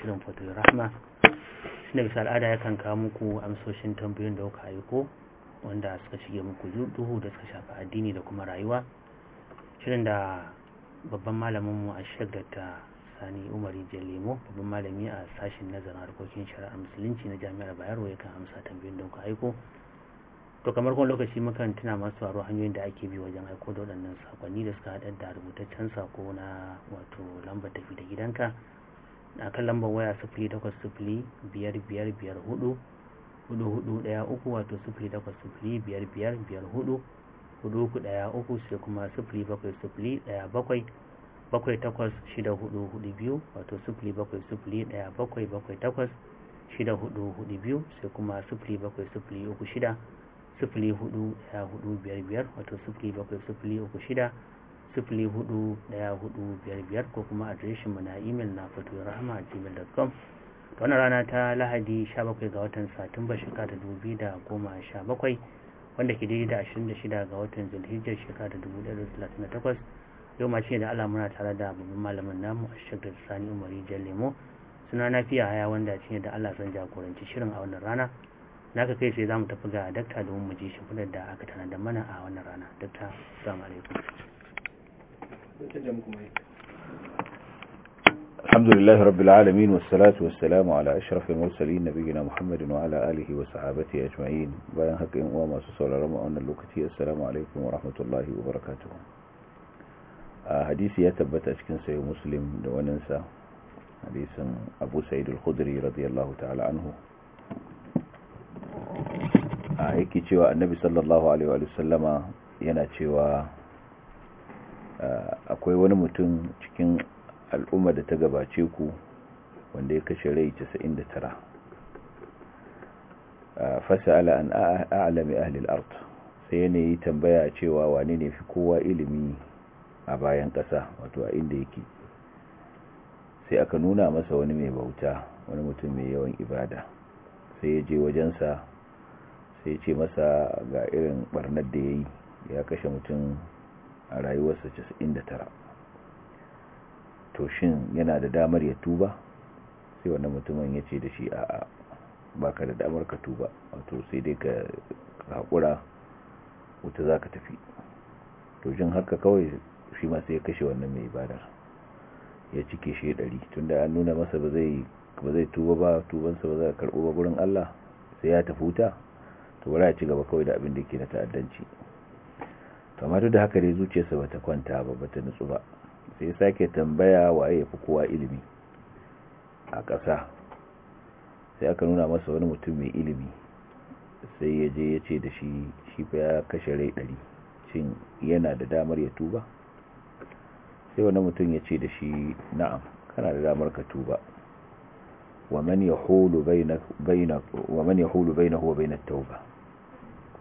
shirin fatul rahma shi ne bisa al'ada yakan kawo muku amsoshin tambayoyin da kuka aiko wanda suka shige muku duhu da suka shafi addini da kuma rayuwa shirin da babban malaminmu a shek da sani umari rijiyar lemo babban malami a sashen nazarin harkokin shari'a musulunci na jami'ar bayero yakan amsa tambayoyin da kuka aiko to kamar kuma lokaci muka tuna masu faru hanyoyin da ake bi wajen aiko da waɗannan sakonni da suka haɗar da rubutaccen sako na wato lambar tafi da gidanka a kan lambar waya sifili takwas sifili biyar biyar biyar hudu hudu hudu daya uku wato sifili takwas sifili biyar biyar biyar hudu hudu uku daya uku sai kuma sufuri bakwai sufuri daya bakwai bakwai takwas shida hudu hudu biyu wato sufuri bakwai sufuri daya bakwai bakwai takwas shida hudu hudu biyu sai kuma sufuri bakwai sufuri uku shida sufuri hudu daya hudu biyar biyar wato sufuri bakwai sufuri uku shida sifili hudu daya hudu biyar biyar ko kuma adireshin mu na imel na fito rahama a gmail.com wannan rana ta lahadi 17 ga watan satumba shekara da goma sha bakwai wanda ke daidai da ashirin da shida ga watan zulhijjar shekara takwas yau ma ne da alamuna tare da babban malamin namu a shekar sani jan lemo suna na fiya haya wanda ne da allah san jagoranci shirin a wannan rana na ka kai sai za mu tafi ga dakta domin mu ji shi da aka tanadar mana a wannan rana dakta assalamu alaikum الحمد لله رب العالمين والصلاة والسلام على أشرف المرسلين نبينا محمد وعلى آله وصحابته أجمعين بيان حق إمام وصول رمى أن اللوكتي السلام عليكم ورحمة الله وبركاته حديثي يتبت أشكن سي مسلم وننسى حديث أبو سعيد الخدري رضي الله تعالى عنه yake cewa annabi sallallahu alaihi wa sallama yana cewa akwai wani mutum cikin al'umma da ta gabace ku wanda ya kashe rai 99 fasa'ala an a'lami ahli al-ard sai ne yi tambaya cewa wane ne fi kowa ilimi a bayan ƙasa wato a inda yake sai aka nuna masa wani mai bauta wani mutum mai yawan ibada sai ya je wajensa sai ya ce masa ga irin barnar da ya yi ya kashe mutum a rayuwarsa tara to shin yana da damar ya tuba sai wannan mutumin ya ce da shi a baka da damar ka tuba wato sai dai ka haƙura wuta za ka tafi to jin haka kawai shi masu ya kashe wannan mai ibadar ya cike shi ɗari tunda an nuna masa ba zai tuba ba tubansa ba za a karɓo ba gurin Allah sai ya tafi wuta to wala ya ci gaba kawai da abin da ke na ta'addanci amma duk da haka dai zuciyarsa bata kwanta ba bata nutsu ba sai sake tambaya waye yafi kowa ilimi a ƙasa sai aka nuna masa wani mutum mai ilimi sai ya je ya ce da shi shi fa ya kashe rai ɗari shin yana da damar ya tuba sai wani mutum ya ce da shi na'am kana da damar ka tuba ومن يحول بينك بين ومن يحول بينه وبين التوبه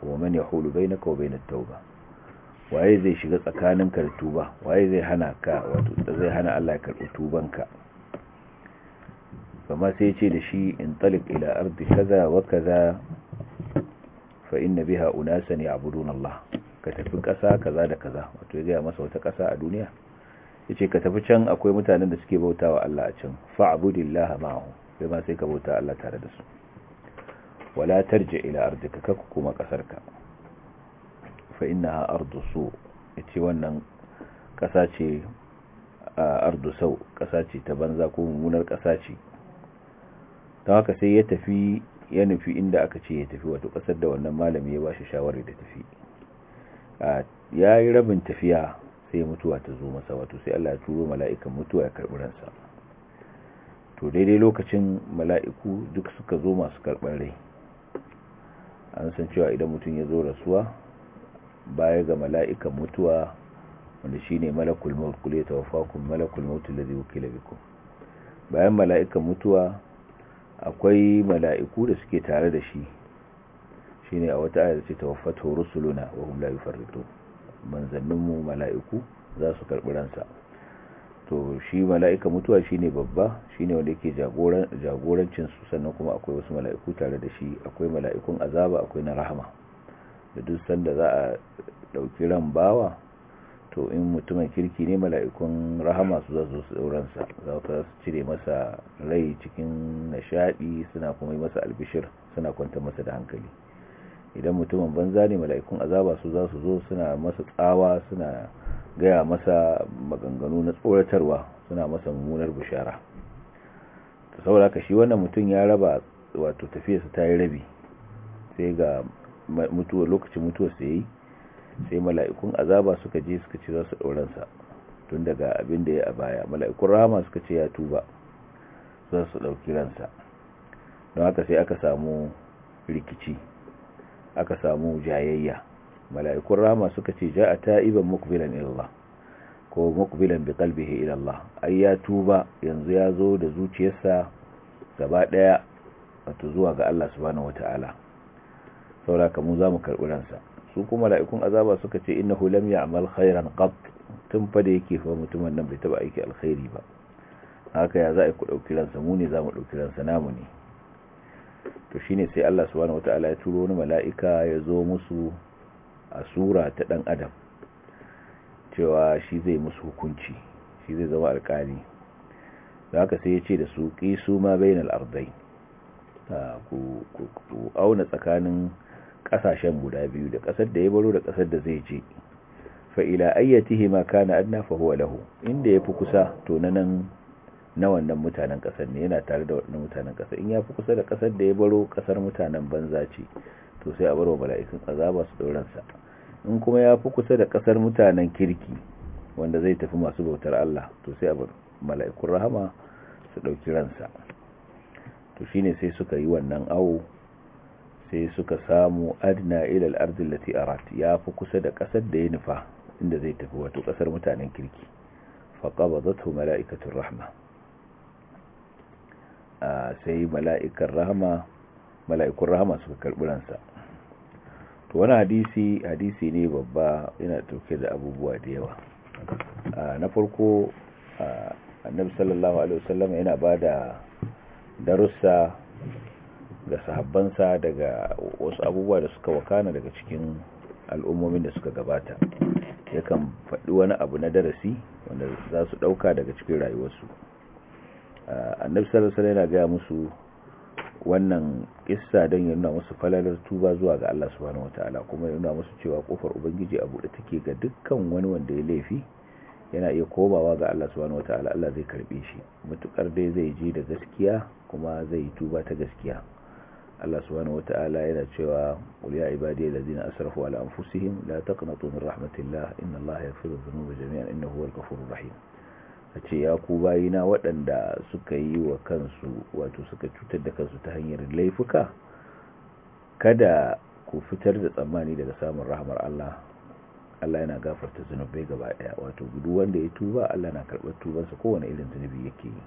ومن tauba waye zai shiga tsakanin da tuba waye zai hana ka wato zai hana Allah ya karɓi tubanka kama sai ce da shi in talik ila ardi kaza wa kaza fa inna biha unasan ya'budun Allah ka tafi kasa kaza da kaza wato ya gaya masa wata ƙasa a duniya yace ka tafi can akwai mutanen da suke bautawa Allah a can fa'budillaha ma'ahu sai ma sai ka bauta Allah tare da su wala tarji ila ardika ka kuma ƙasarka fa ha ardu su ce wannan ƙasa ce ardu sau ƙasa ce ta banza ko mummunar ƙasa ce ta haka sai ya tafi ya nufi inda aka ce ya tafi wato ƙasar da wannan malami ya ba shi shawarar da tafi ya yi rabin tafiya sai mutuwa ta zo masa wato sai Allah ya turo mala'ikan mutuwa ya karbi ransa to daidai lokacin mala'iku duk suka zo masu karɓar rai an san cewa idan mutum ya zo rasuwa baya ga mala'ikan mutuwa wanda ne malakul maut kulli tawaffakum malakul maut alladhi wukila bikum bayan mala'ikan mutuwa akwai mala'iku da suke tare da shi shi ne a wata ayar ce tawaffatu rusuluna wa hum la farito manzanninmu mala'iku za su karɓi ransa to shi mala’ikan mutuwa shi ne babba ne wanda yake jagorancinsu sannan kuma akwai wasu mala'iku tare da shi akwai mala'ikun azaba akwai na rahama da duk sanda za a ɗauki ran bawa to in mutumin kirki ne mala'ikun rahama su za su su za su cire masa rai cikin nishaɗi suna kuma yi masa albishir suna kwanta masa da hankali idan mutumin banza ne mala'ikun azaba su za su zo suna masa tsawa suna gaya masa maganganu na tsoratarwa suna masa mummunar bishara ta saboda ka shi wannan mutum ya raba wato tafiyarsa ta yi rabi sai ga mutuwa lokacin mutuwar sa yayi sai mala'ikun azaba suka je suka ce za su dauran sa tun daga abin da ya a baya mala'ikun rahama suka ce ya tuba za su dauki ransa don haka sai aka samu rikici aka samu jayayya mala'ikun rahama suka ce ja ja'a ta'iban muqbilan ila ko muqbilan bi qalbihi ila Allah ai ya tuba yanzu ya zo da zuciyarsa gaba daya wato zuwa ga Allah subhanahu wataala saboda mu za mu karɓi ransa su kuma mala'ikun azaba suka ce hulam ya amal khairan qat tun fa da yake fa mutumin nan bai taɓa aiki alkhairi ba haka ya za a yi ku ɗauki ransa mu ne za mu ɗauki ransa namu ne to shine sai Allah subhanahu ta'ala ya turo wani mala'ika ya zo musu a sura ta ɗan adam cewa shi zai musu hukunci shi zai zama alkali da haka sai ya ce da su su ma bainal al'ardai ah, ku auna tsakanin Ƙasashen guda biyu da ƙasar da ya baro da kasar da zai je fa ila ayyatihi kana adna fa huwa lahu inda yafi kusa to nan na wannan mutanen kasar ne yana tare da wannan mutanen kasar in yafi kusa da kasar da ya baro kasar mutanen banza ce to sai a baro mala'ikun azaba su dauran sa in kuma yafi kusa da kasar mutanen kirki wanda zai tafi masu bautar Allah to sai a baro mala'ikun rahama su dauki ransa to shine sai suka yi wannan awo sai suka samu adna ilal ardin lati arat ya fi kusa da ƙasar da ya nufa inda zai tafi wato ƙasar mutanen kirki faƙaba zato mala'ikatun rahama ah, sai mala'ikar rahama mala'ikun rahama suka karɓi ransa to wani hadisi hadisi ne babba yana ɗauke da abubuwa da yawa ah, na farko ah, annabi sallallahu alaihi wasallam yana ba da darussa ga sahabbansa daga wasu abubuwa da suka wakana daga cikin al'ummomin da suka gabata ya kan faɗi wani abu na darasi wanda za su ɗauka daga cikin rayuwarsu annabi yana gaya musu wannan ƙissa don ya nuna musu falalar tuba zuwa ga Allah subhanahu wataala kuma ya nuna musu cewa kofar ubangiji a buɗe take ga dukkan wani wanda ya laifi yana iya komawa ga Allah subhanahu wataala Allah zai karɓe shi matuƙar dai zai ji da gaskiya kuma zai tuba ta gaskiya Allah subhanahu ta'ala yana cewa qul ya ibadiy allazina asrafu ala anfusihim la taqnatu min rahmatillah inna Allah yaghfiru dhunuba jami'an innahu huwal ghafurur rahim ace ya ku bayina waɗanda suka yi wa kansu wato suka cutar da kansu ta hanyar laifuka kada ku fitar da tsammani daga samun rahmar Allah Allah yana gafarta zunubai gaba daya wato duk wanda ya tuba Allah na karɓar tubansa kowane irin zunubi yake yi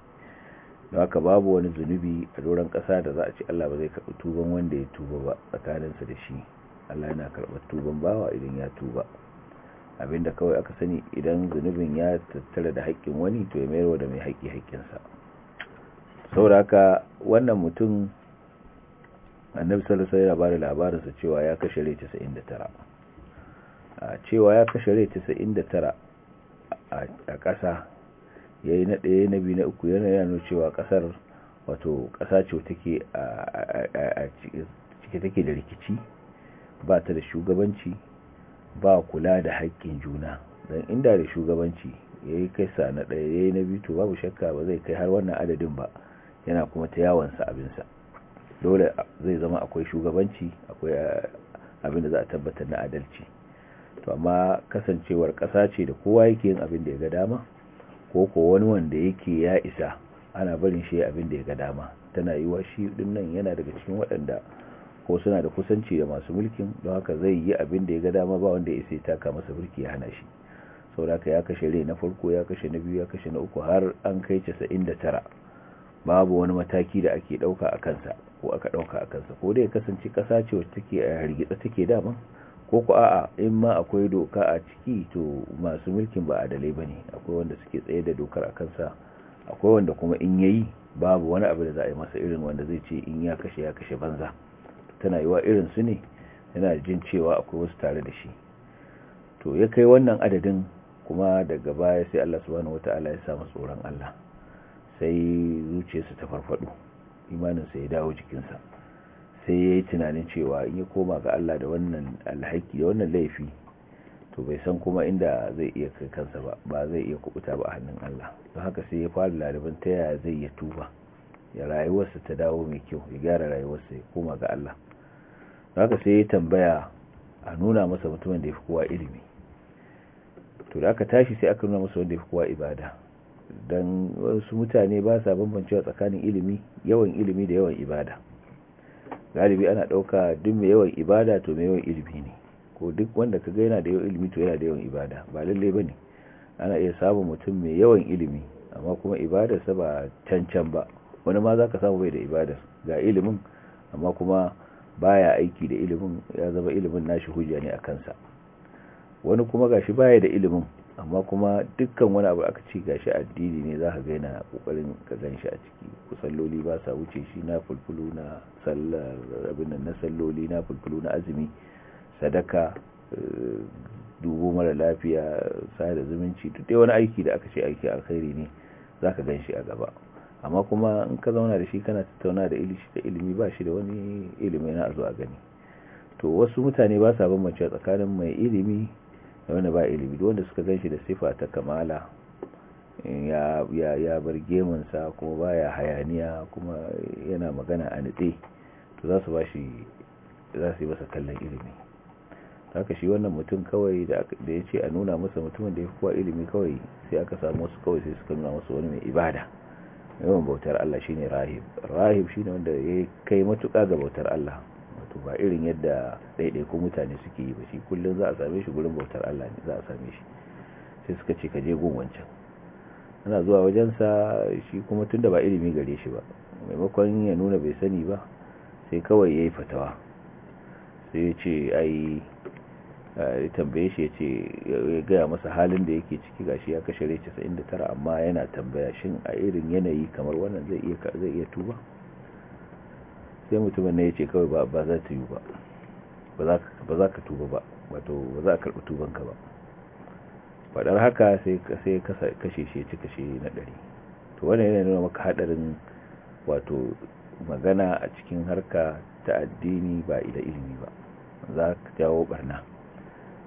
da haka babu wani zunubi a doron ƙasa da za a ce Allah ba zai karɓi tuban wanda ya tuba ba tsakaninsa da shi Allah yana karɓar tuban bawa idan ya tuba abinda kawai aka sani idan zunubin ya tattara da haƙƙin wani to ya mayarwa da mai haƙƙi haƙƙinsa saboda haka wannan mutum annabi sallallahu alaihi wasallam ya labarinsa cewa ya kashe rai 99 cewa ya kashe rai 99 a ƙasa ya yi na ɗaya na biyu na uku yana yana cewa ƙasar wato ƙasa ce take a cike take da rikici ba ta da shugabanci ba kula da haƙƙin juna don inda da shugabanci ya yi kaisa na ɗaya ya yi na biyu to babu shakka ba zai kai har wannan adadin ba yana kuma ta yawansa abinsa dole zai zama akwai shugabanci akwai abin da za a tabbatar na adalci to amma kasancewar ƙasa ce da kowa yake yin abin da ya ga dama ko ko wani wanda yake ya isa ana barin shi abin da ya ga dama tana yi wa shi din nan yana daga cikin waɗanda ko suna da kusanci da masu mulkin don haka zai yi abin da ya ga dama ba wanda ya isa ta taka masa mulki ya hana shi sauraka ya kashe rai na farko ya kashe na biyu ya kashe na uku har an kai 99 babu wani mataki da ake ɗauka a kansa ko aka ɗauka a kansa ko dai kasance kasa ce wacce take a hargitsa take dama ko ku a'a in ma akwai doka a ciki to masu mulkin ba adalai ba ne akwai wanda suke tsaye da dokar a kansa akwai wanda kuma in yayi babu wani abu da za a yi masa irin wanda zai ce in ya kashe ya kashe banza tana yiwa irin su ne yana jin cewa akwai wasu tare da shi to ya kai wannan adadin kuma daga baya sai Allah subhanahu wataala ya samu tsoron Allah sai zuciyarsa ta farfado sa ya dawo jikinsa sai ya yi tunanin cewa in ya koma ga Allah da wannan alhaki da wannan laifi to bai san kuma inda zai iya kai kansa ba ba zai iya kubuta ba a hannun Allah don haka sai ya fara larabin ta yaya zai iya tuba ya rayuwarsa ta dawo mai kyau ya gyara rayuwarsa ya koma ga Allah don haka sai ya tambaya a nuna masa mutumin da ya fi kowa ilimi to da aka tashi sai aka nuna masa wanda ya fi kowa ibada don wasu mutane ba sa bambancewa tsakanin ilimi yawan ilimi da yawan ibada galibi ana ɗauka duk mai yawan ibada to mai yawan ilimi ne ko duk wanda ka ga yana da yawan ilimi to yana da yawan ibada ba lalle ba ne ana iya samun mutum mai yawan ilimi amma kuma sa ba cancan ba wani ma za ka samu bai da ibada ga ilimin amma kuma baya aiki da ilimin ya zama ilimin nashi hujja ne a kansa wani kuma gashi baya da ilimin amma kuma dukkan wani abu aka ce gashi addini ne za ka ga yana kokarin ka gan shi a ciki kusalloli ba sa wuce shi na fulfulu na sallar abin na salloli na fulfulu na azumi sadaka eh, dubo mara lafiya sai da zumunci duk dai wani aiki da aka ce aiki alkhairi ne za ka gan shi a gaba amma kuma in ka zauna da shi kana tattauna da ilimi ba shi da wani ilimi na azu a gani to wasu mutane ba sa mace tsakanin mai ilimi da wanda ba ilimi da wanda suka ganshi da sifa ta kamala ya bar gemunsa kuma ya hayaniya kuma yana magana a nitse to za su ba shi za su yi masa kallon ilimi haka shi wannan mutum kawai da ya ce a nuna masa mutumin da ya kuwa ilimi kawai sai aka samu wasu kawai sai suka nuna masa wani mai ibada yawan bautar Allah shine rahib rahib shine wanda ya kai matuka ga bautar Allah wato ba irin yadda ɗaiɗaiku mutane suke yi ba shi kullum za a same shi gurin bautar Allah ne za a same shi sai suka ce ka je gun wancan ana zuwa wajen sa shi kuma tunda ba ilimi gare shi ba maimakon ya nuna bai sani ba sai kawai ya yi fatawa sai ya ce ai ya tambaye shi ya ya gaya masa halin da yake ciki gashi ya kashe rai 99 amma yana tambaya shin a irin yanayi kamar wannan zai iya tuba sai mutumin ne ya ce kawai ba za ta yi ba ba za ka tuba ba wato ba za a karɓi tubanka ba faɗar haka sai kashe shi ci kashe na ɗari to wannan yana nuna maka haɗarin wato magana a cikin harka ta addini ba ila ilimi ba za ka jawo barna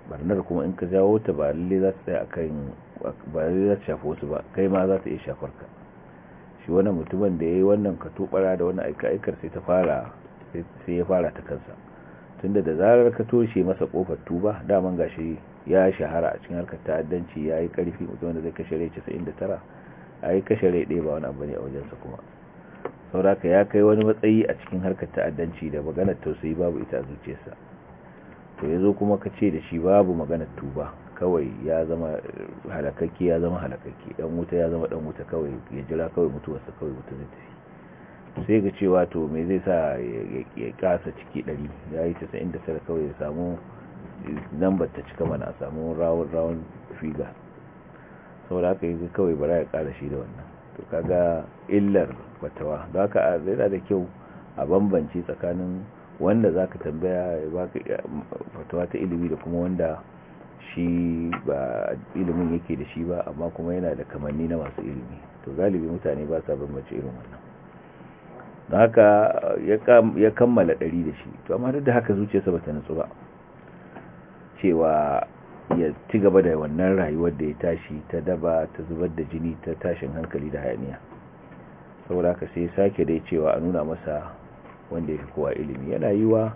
barnar kuma in ka jawo ta ba lalle za ta tsaya a kan ba lalle za ta shafi wasu ba kai ma za ta iya shafar ka shi wannan mutumin da ya yi wannan ka tubara da wannan aika-aikar sai ya fara ta kansa tunda da zarar ka toshe masa kofar tuba daman gashi ya shahara a cikin harkar ta'addanci ya yi karfi mutum da zai kashe rai 99 a yi kashe rai ɗaya ba wani abu ne a sa kuma sauraka ya kai wani matsayi a cikin harkar ta'addanci da maganar tausayi babu ita a zuciyarsa to ya zo kuma ka ce da shi babu maganar tuba kawai ya zama halakakki ya zama halakakki dan wuta ya zama dan wuta kawai ya jira kawai mutuwarsa kawai mutum zai sai ga cewa to me zai sa ya kasa ciki 100 ya yi 99 kawai ya samu lambar ta cika mana a samu rawun rawun figa saboda haka yanzu kawai bara ya kara shi da wannan to kaga illar fatawa za ka yana da kyau a bambance tsakanin wanda za ka tambaya fatawa ta ilimi da kuma wanda shi ba ilimin yake da shi ba amma kuma yana da kamanni na masu ilimi to galibi mutane ba sa bambance irin wannan don haka ya kammala ɗari da shi to amma duk da haka zuciyarsa ba ta nutsu ba cewa ya ci gaba da wannan rayuwar da ya tashi ta daba ta zubar da jini ta tashin hankali da hayaniya saboda haka sai sake dai cewa a nuna masa wanda ya fi kowa ilimi yana yiwa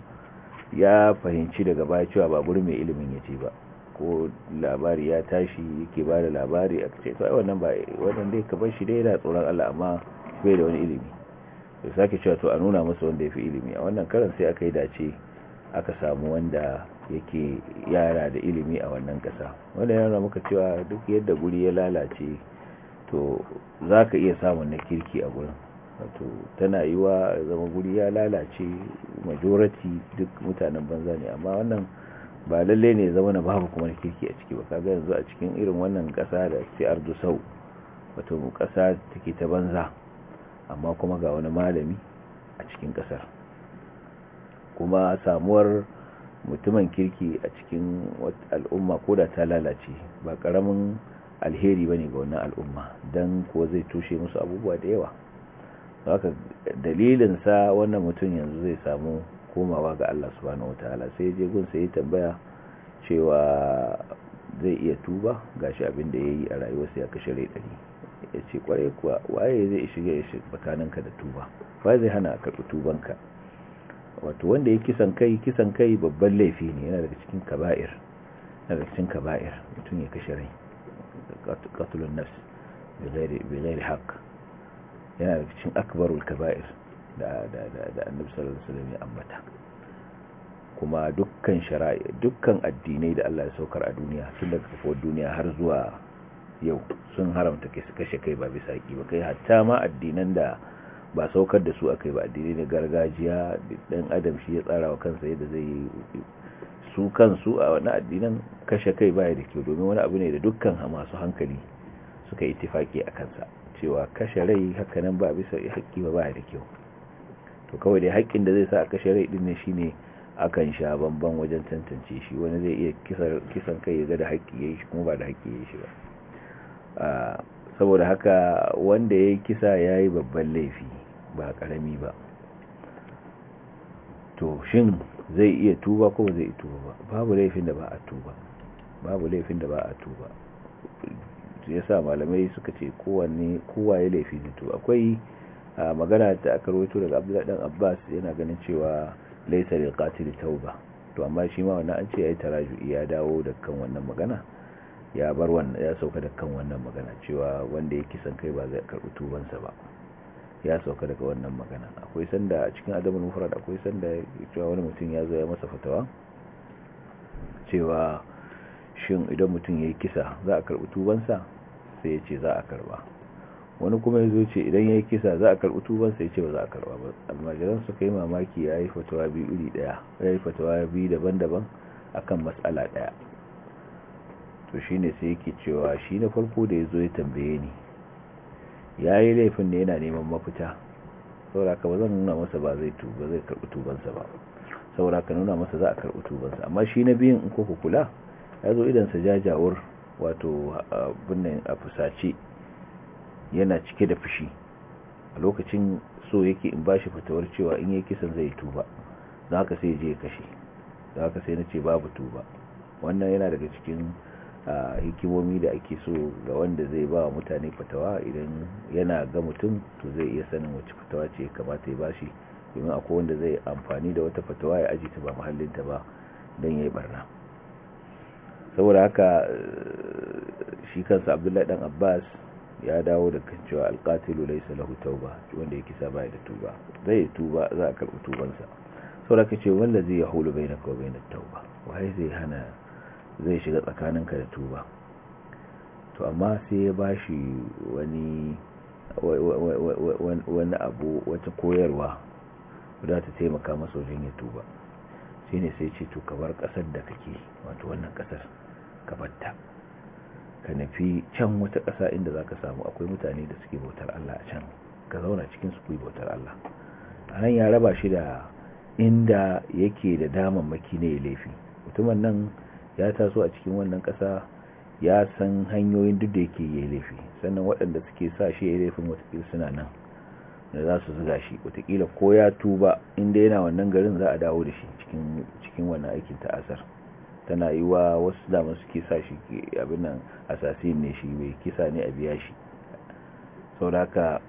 ya fahimci daga baya cewa babur mai ilimin ya ce ba ko labari ya tashi yake ba da labari a ce to ai wannan ba wannan dai ka bar shi dai yana tsoron Allah amma bai da wani ilimi ya sake cewa to a nuna masa wanda ya fi ilimi a wannan karan sai aka yi dace aka samu wanda yake yara da ilimi a wannan kasa wanda yana muka cewa duk yadda guri ya lalace to za ka iya samun na kirki a gurin wato tana yi wa zama guri ya lalace majorati duk mutanen banza ne amma wannan ba lalle ne zama na babu kuma na kirki a ciki ba kaga yanzu a cikin irin wannan kasa da ce sau wato kasa take ta banza amma kuma ga wani malami a cikin kasar kuma samuwar mutumin kirki a cikin al'umma ko da ta lalace ba karamin alheri ba ne ga wannan al'umma don ko zai tushe musu abubuwa da yawa haka sa wannan mutum yanzu zai samu komawa ga Allah subhanahu wataala sai je sai ya tambaya cewa zai iya tuba gashi abin da ya yi a rayuwarsa ya kashe rai ya ce kwarai kuwa waye zai shiga ya tsakaninka da tuba fa zai hana karɓi tubanka wato wanda ya kisan kai kisan kai babban laifi ne yana daga cikin kaba'ir yana daga cikin kaba'ir mutum ya kashe rai qatlun nafs bi ghairi haqq yana daga cikin akbarul kaba'ir da da da annabi sallallahu alaihi wasallam ya ambata kuma dukkan shari'a dukkan addinai da Allah ya saukar a duniya tun daga kafin duniya har zuwa yau sun haramta kashe kai ba bisa ki ba kai hatta ma addinan da ba saukar da su a kai ba addini na gargajiya dan adam shi ya tsara wa kansa yadda zai yi su kansu a wani addinan kashe kai baya da kyau domin wani abu ne da dukkan masu hankali suka yi tifaki a kansa cewa kashe rai hakanan ba bisa haƙƙi ba baya da kyau to kawai dai haƙƙin da zai sa a kashe rai din ne shine akan sha bamban wajen tantance shi wani zai iya kisan kai ya ga da haƙƙi yayi shi kuma ba da haƙƙi yayi shi ba saboda haka wanda ya kisa ya yi babban laifi ba karami ba to shin zai iya tuba ko zai iya tuba ba babu laifin da ba a tuba babu laifin da ba a tuba ya sa malamai suka ce kowanne kowa ya laifi ne to akwai magana da aka rawaito daga abdullahi dan abbas yana ganin cewa laisa lil qatil tauba to amma shi ma wannan an ce yayi taraju'i ya dawo da kan wannan magana ya bar wannan ya sauka daga kan wannan magana cewa wanda yake kisan kai ba zai karɓi tubansa ba ya sauka daga wannan magana akwai sanda a cikin adabul mufrad akwai sanda cewa wani mutum ya zo ya masa fatawa cewa shin idan mutum yayi kisa za a karɓi tubansa sai ya ce za a karɓa wani kuma ya zo ce idan yayi kisa za a karɓi tubansa ya ce ba za a karɓa ba almajiran suka yi mamaki ya yi fatawa biyu iri ɗaya ya yi fatawa biyu daban-daban akan matsala ɗaya to ne sai yake cewa shi na farko da ya zo ya tambaye ni ya yi laifin ne yana neman mafita sauraka ba zan nuna masa ba zai tuba karɓi tubansa ba sauraka nuna masa za a karɓi tubansa amma shi na biyun in ku kula ya zo sa jajawar wato abinnan a fusace yana cike da fushi a lokacin so yake in ba shi fitowar cewa in yi kisan zai tuba za ka sai je kashe za ka sai na ce babu tuba wannan yana daga cikin a hikimomi da ake so ga wanda zai ba mutane fatawa idan yana ga mutum to zai iya sanin wacce fatawa ce kamata ya bashi domin akwai wanda zai amfani da wata fatawa ya aji ta ba mahallinta ba don ya yi barna saboda haka eh, shi kansa abdullahi dan abbas ya dawo da kan cewa alkatilu laisa lahu tauba wanda ya kisa baya da tuba zai yi tuba za a karɓi tubansa saboda ka ce wanda zai ya hulu bai na kawai na tauba wa zai hana zai shiga tsakanin ka da tuba to amma sai ya bashi wani wani abu wata koyarwa za ta taimaka masa wajen ya tuba shi ne sai ce to kabar kasar da kake wato wannan kasar kabarta ka nufi can wata kasa inda za ka samu akwai mutane da suke bautar Allah a can ka zauna cikin su bautar Allah a nan ya raba shi da inda yake da damammaki ne ya laifi mutumin nan ya taso a cikin wannan ƙasa ya san hanyoyin duk da yake yi laifi sannan waɗanda suke sa shi ya laifin watakila suna nan da za su zuga shi watakila ko ya tuba inda yana wannan garin za a dawo da shi cikin wannan aikin ta'asar tana yi wa wasu damar suke sa shi abin nan asasi ne shi mai kisa ne a biya shi sauraka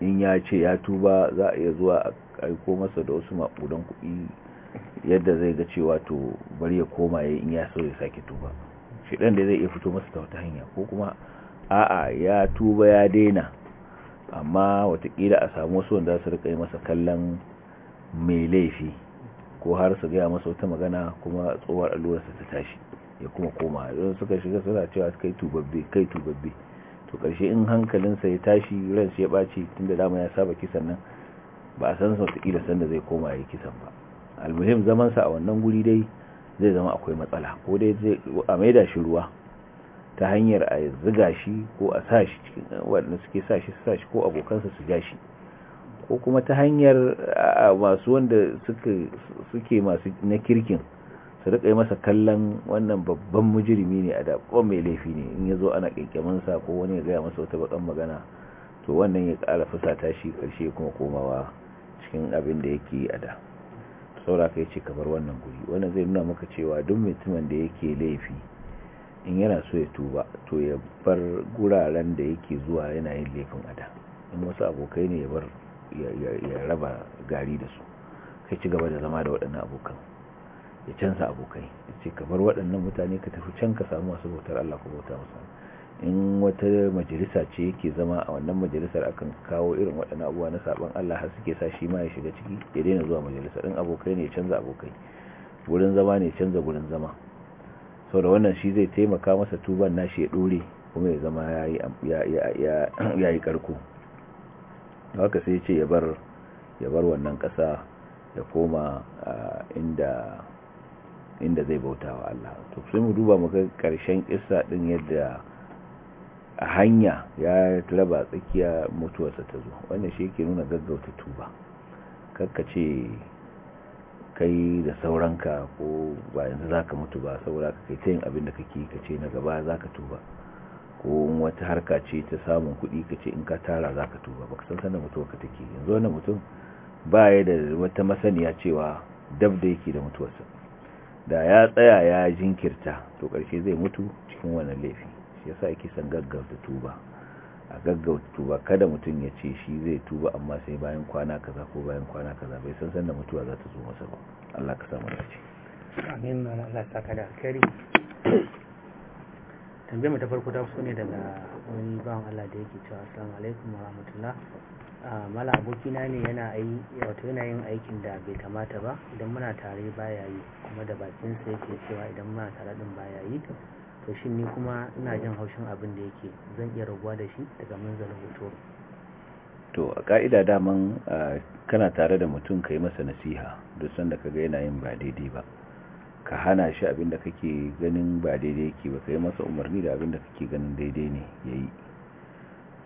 in ya ce ya tuba za a iya zuwa a aiko masa da wasu maɓudan kuɗi yadda zai ga cewa to bari ya koma ya in ya so ya sake tuba shi ɗan da zai iya fito masa ta wata hanya ko kuma a'a ya tuba ya daina amma watakila a samu wasu wanda su rika yi masa kallon mai laifi ko har su gaya masa wata magana kuma tsohuwar allurarsa ta tashi ya kuma koma don suka shiga suna cewa kai tubabbe kai tubabbe to karshe in hankalinsa ya tashi ransa ya ɓaci tunda dama ya saba kisan nan ba a san sa watakila sanda zai koma ya yi kisan ba almuhim zamansa a wannan guri dai zai zama akwai matsala ko dai a maida shi ruwa ta hanyar a ziga shi ko a sa shi cikin waɗanda suke sa shi sa shi ko abokansa su ga shi ko kuma ta hanyar masu wanda suke masu na kirkin su riƙa yi masa kallon wannan babban mujirimi ne a daɓon mai laifi ne in ya zo ana sa ko wani ya gaya masa wata baƙan magana to wannan ya ƙara fusata shi karshe kuma komawa cikin abin da yake a da saura ka ce kamar wannan guri wannan zai nuna maka cewa duk mutumin da yake laifi in yana so ya tuba to ya bar guraren da yake zuwa yana yin laifin ada in wasu abokai ne ya bar ya raba gari da su kai ci gaba da zama da waɗannan abokan ya canza abokai ya ce kamar waɗannan mutane ka tafi can ka samu wasu bautar Allah ko bauta musamman in wata majalisa ce yake zama a wannan majalisar akan kawo irin waɗannan abubuwa na saban Allah har suke sa shi ma ya shiga ciki ya daina zuwa majalisa ɗin abokai ne canza abokai gurin zama ne canza gurin zama sau da wannan shi zai taimaka masa tuban na shi ya ɗure kuma ya zama ya yi karko haka sai ce ya bar ya wannan ƙasa ya koma inda inda zai bautawa Allah to sai mu duba mu ga ƙarshen kissa din yadda a hanya ya raba tsakiya mutuwarsa ta zo wannan shi yake nuna gaggauta tuba kakka ce kai da sauranka ko ba yanzu zaka mutu ba saboda ka kai ta yin abin da kake ka ce na gaba zaka ka tuba ko wata harka ce ta samun kudi ka ce in ka tara zaka tuba ba ka san sanar mutuwa ka take yanzu wani mutum ba ya da wata masaniya cewa dab da yake da mutuwarsa da ya tsaya ya jinkirta to karshe zai mutu cikin wannan laifi yasa ake son gaggauta tuba a gaggauta tuba kada mutum ya ce shi zai tuba amma sai bayan kwana kaza ko bayan kwana kaza bai san sanda mutuwa za ta zo masa ba Allah ka samu dace amin ma Allah saka da alkhairi tambayar mu ta farko ta so ne daga wani bawan Allah da yake cewa assalamu alaikum wa rahmatullah ah, mala abokina ne yana wato yana yin aikin da bai kamata ba idan muna tare baya yi kuma da bakinsa yake cewa idan muna tare din baya yi to shi ni kuma ina jin haushin abin da yake zan iya rabuwa da shi daga manzalin hoto to a ka'ida daman kana tare da mutum ka yi masa nasiha duk sanda ka ga yana yin ba daidai ba ka hana shi abin da kake ganin ba daidai yake ba ka yi masa umarni da abin da kake ganin daidai ne yayi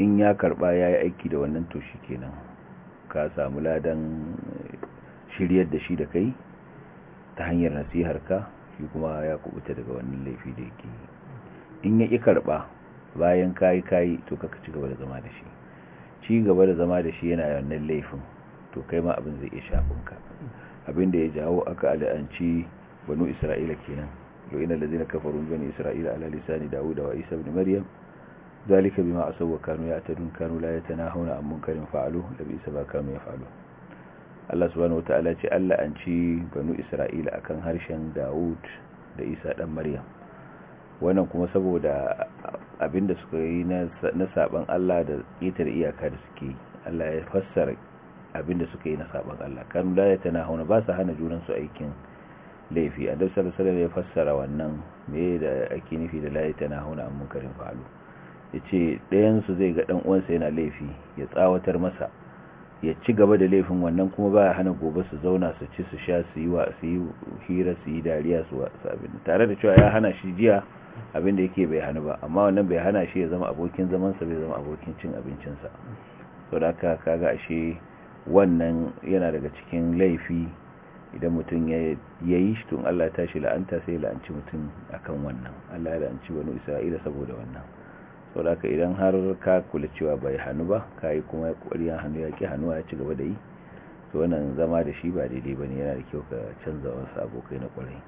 in ya karba yayi aiki da wannan to shi kenan ka samu ladan shiryar da shi da kai ta hanyar nasiharka shi kuma ya kubuta daga wannan laifi da yake yi in ya ƙi karɓa bayan kayi kayi to kaka ci gaba da zama da shi ci gaba da zama da shi yana yanar laifin to kai ma abin zai iya shafinka abin da ya jawo aka al'anci banu isra'ila kenan lo'ina lazina kafarun bani isra'ila ala lisani dawo wa isa ibn maryam zalika bima asaw kanu ya'tadun kanu la yatanahuna an munkarin fa'alu labi isa ba kanu yaf'alu Allah subhanahu wataala ce Allah an ci banu isra'ila akan harshen Dawud da Isa dan Maryam wannan kuma saboda abinda suka yi na saban Allah da ƙetare iyaka da suke Allah ya fassara abinda suka yi na saban Allah kan kanu tana hauna ba su hana junan su aikin laifi a sallallahu sarari ya fassara wannan me da ake nufi da tana hauna a munkarin falo yace ɗayan su zai ga dan uwansa yana laifi ya tsawatar masa ya ci gaba da laifin wannan kuma ba hana gobe su zauna su ci su sha su yi hira su yi dariya su abin tare da cewa ya hana shi jiya abin da yake bai hannu ba amma wannan bai hana shi ya zama abokin zamansa bai zama abokin cin abincinsa sau da aka kaga ashe wannan yana daga cikin laifi idan mutum ya yi shi tun allah ta shi la'anta sai la'anci mutum akan wannan allah ya la'anci wani isra'ila saboda wannan sau da aka idan har ka kula cewa bai hannu ba ka yi kuma ya hannu ya ki ya ci gaba da yi to wannan zama da shi ba daidai ba ne yana da kyau ka canza wasu abokai na kwarai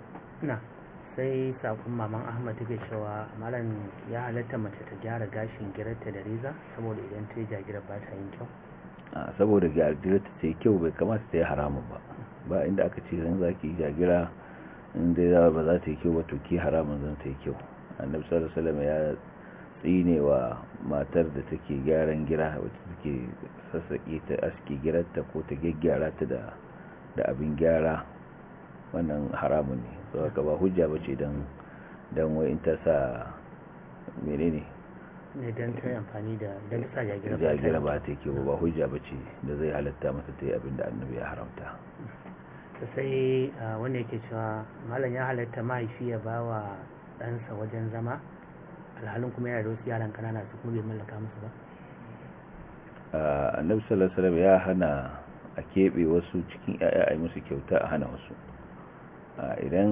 sai saƙon maman ahmad take cewa malam ya halatta mace ta gyara gashin girarta da riza saboda idan ta yi jagira ba ta yin kyau saboda jagirar ta yi kyau bai kamata ta yi haramun ba ba inda aka ce zan zaki yi jagira inda ya ba za ta yi kyau ba to ki haramun zan ta yi kyau annabi sallallahu alaihi wasallam ya tsine wa matar da take gyaran gira wacce take sassaƙe ta aski girarta ko ta gyaggyara ta da abin gyara wannan haramun ne sau ka ba hujja ba ce don don wai ta sa mere ne don ta amfani da don ta sa jagira ba ta ke ba hujja ba ce da zai halatta masa ta yi abin da annabi ya haramta ta sai wanda yake cewa malam ya halatta mahaifi ya ba wa ɗansa wajen zama alhalin kuma yana da wasu yaran kanana su kuma bai mallaka musu ba annabi sallallahu alaihi ya hana a keɓe wasu cikin 'ya'ya a yi musu kyauta a hana wasu idan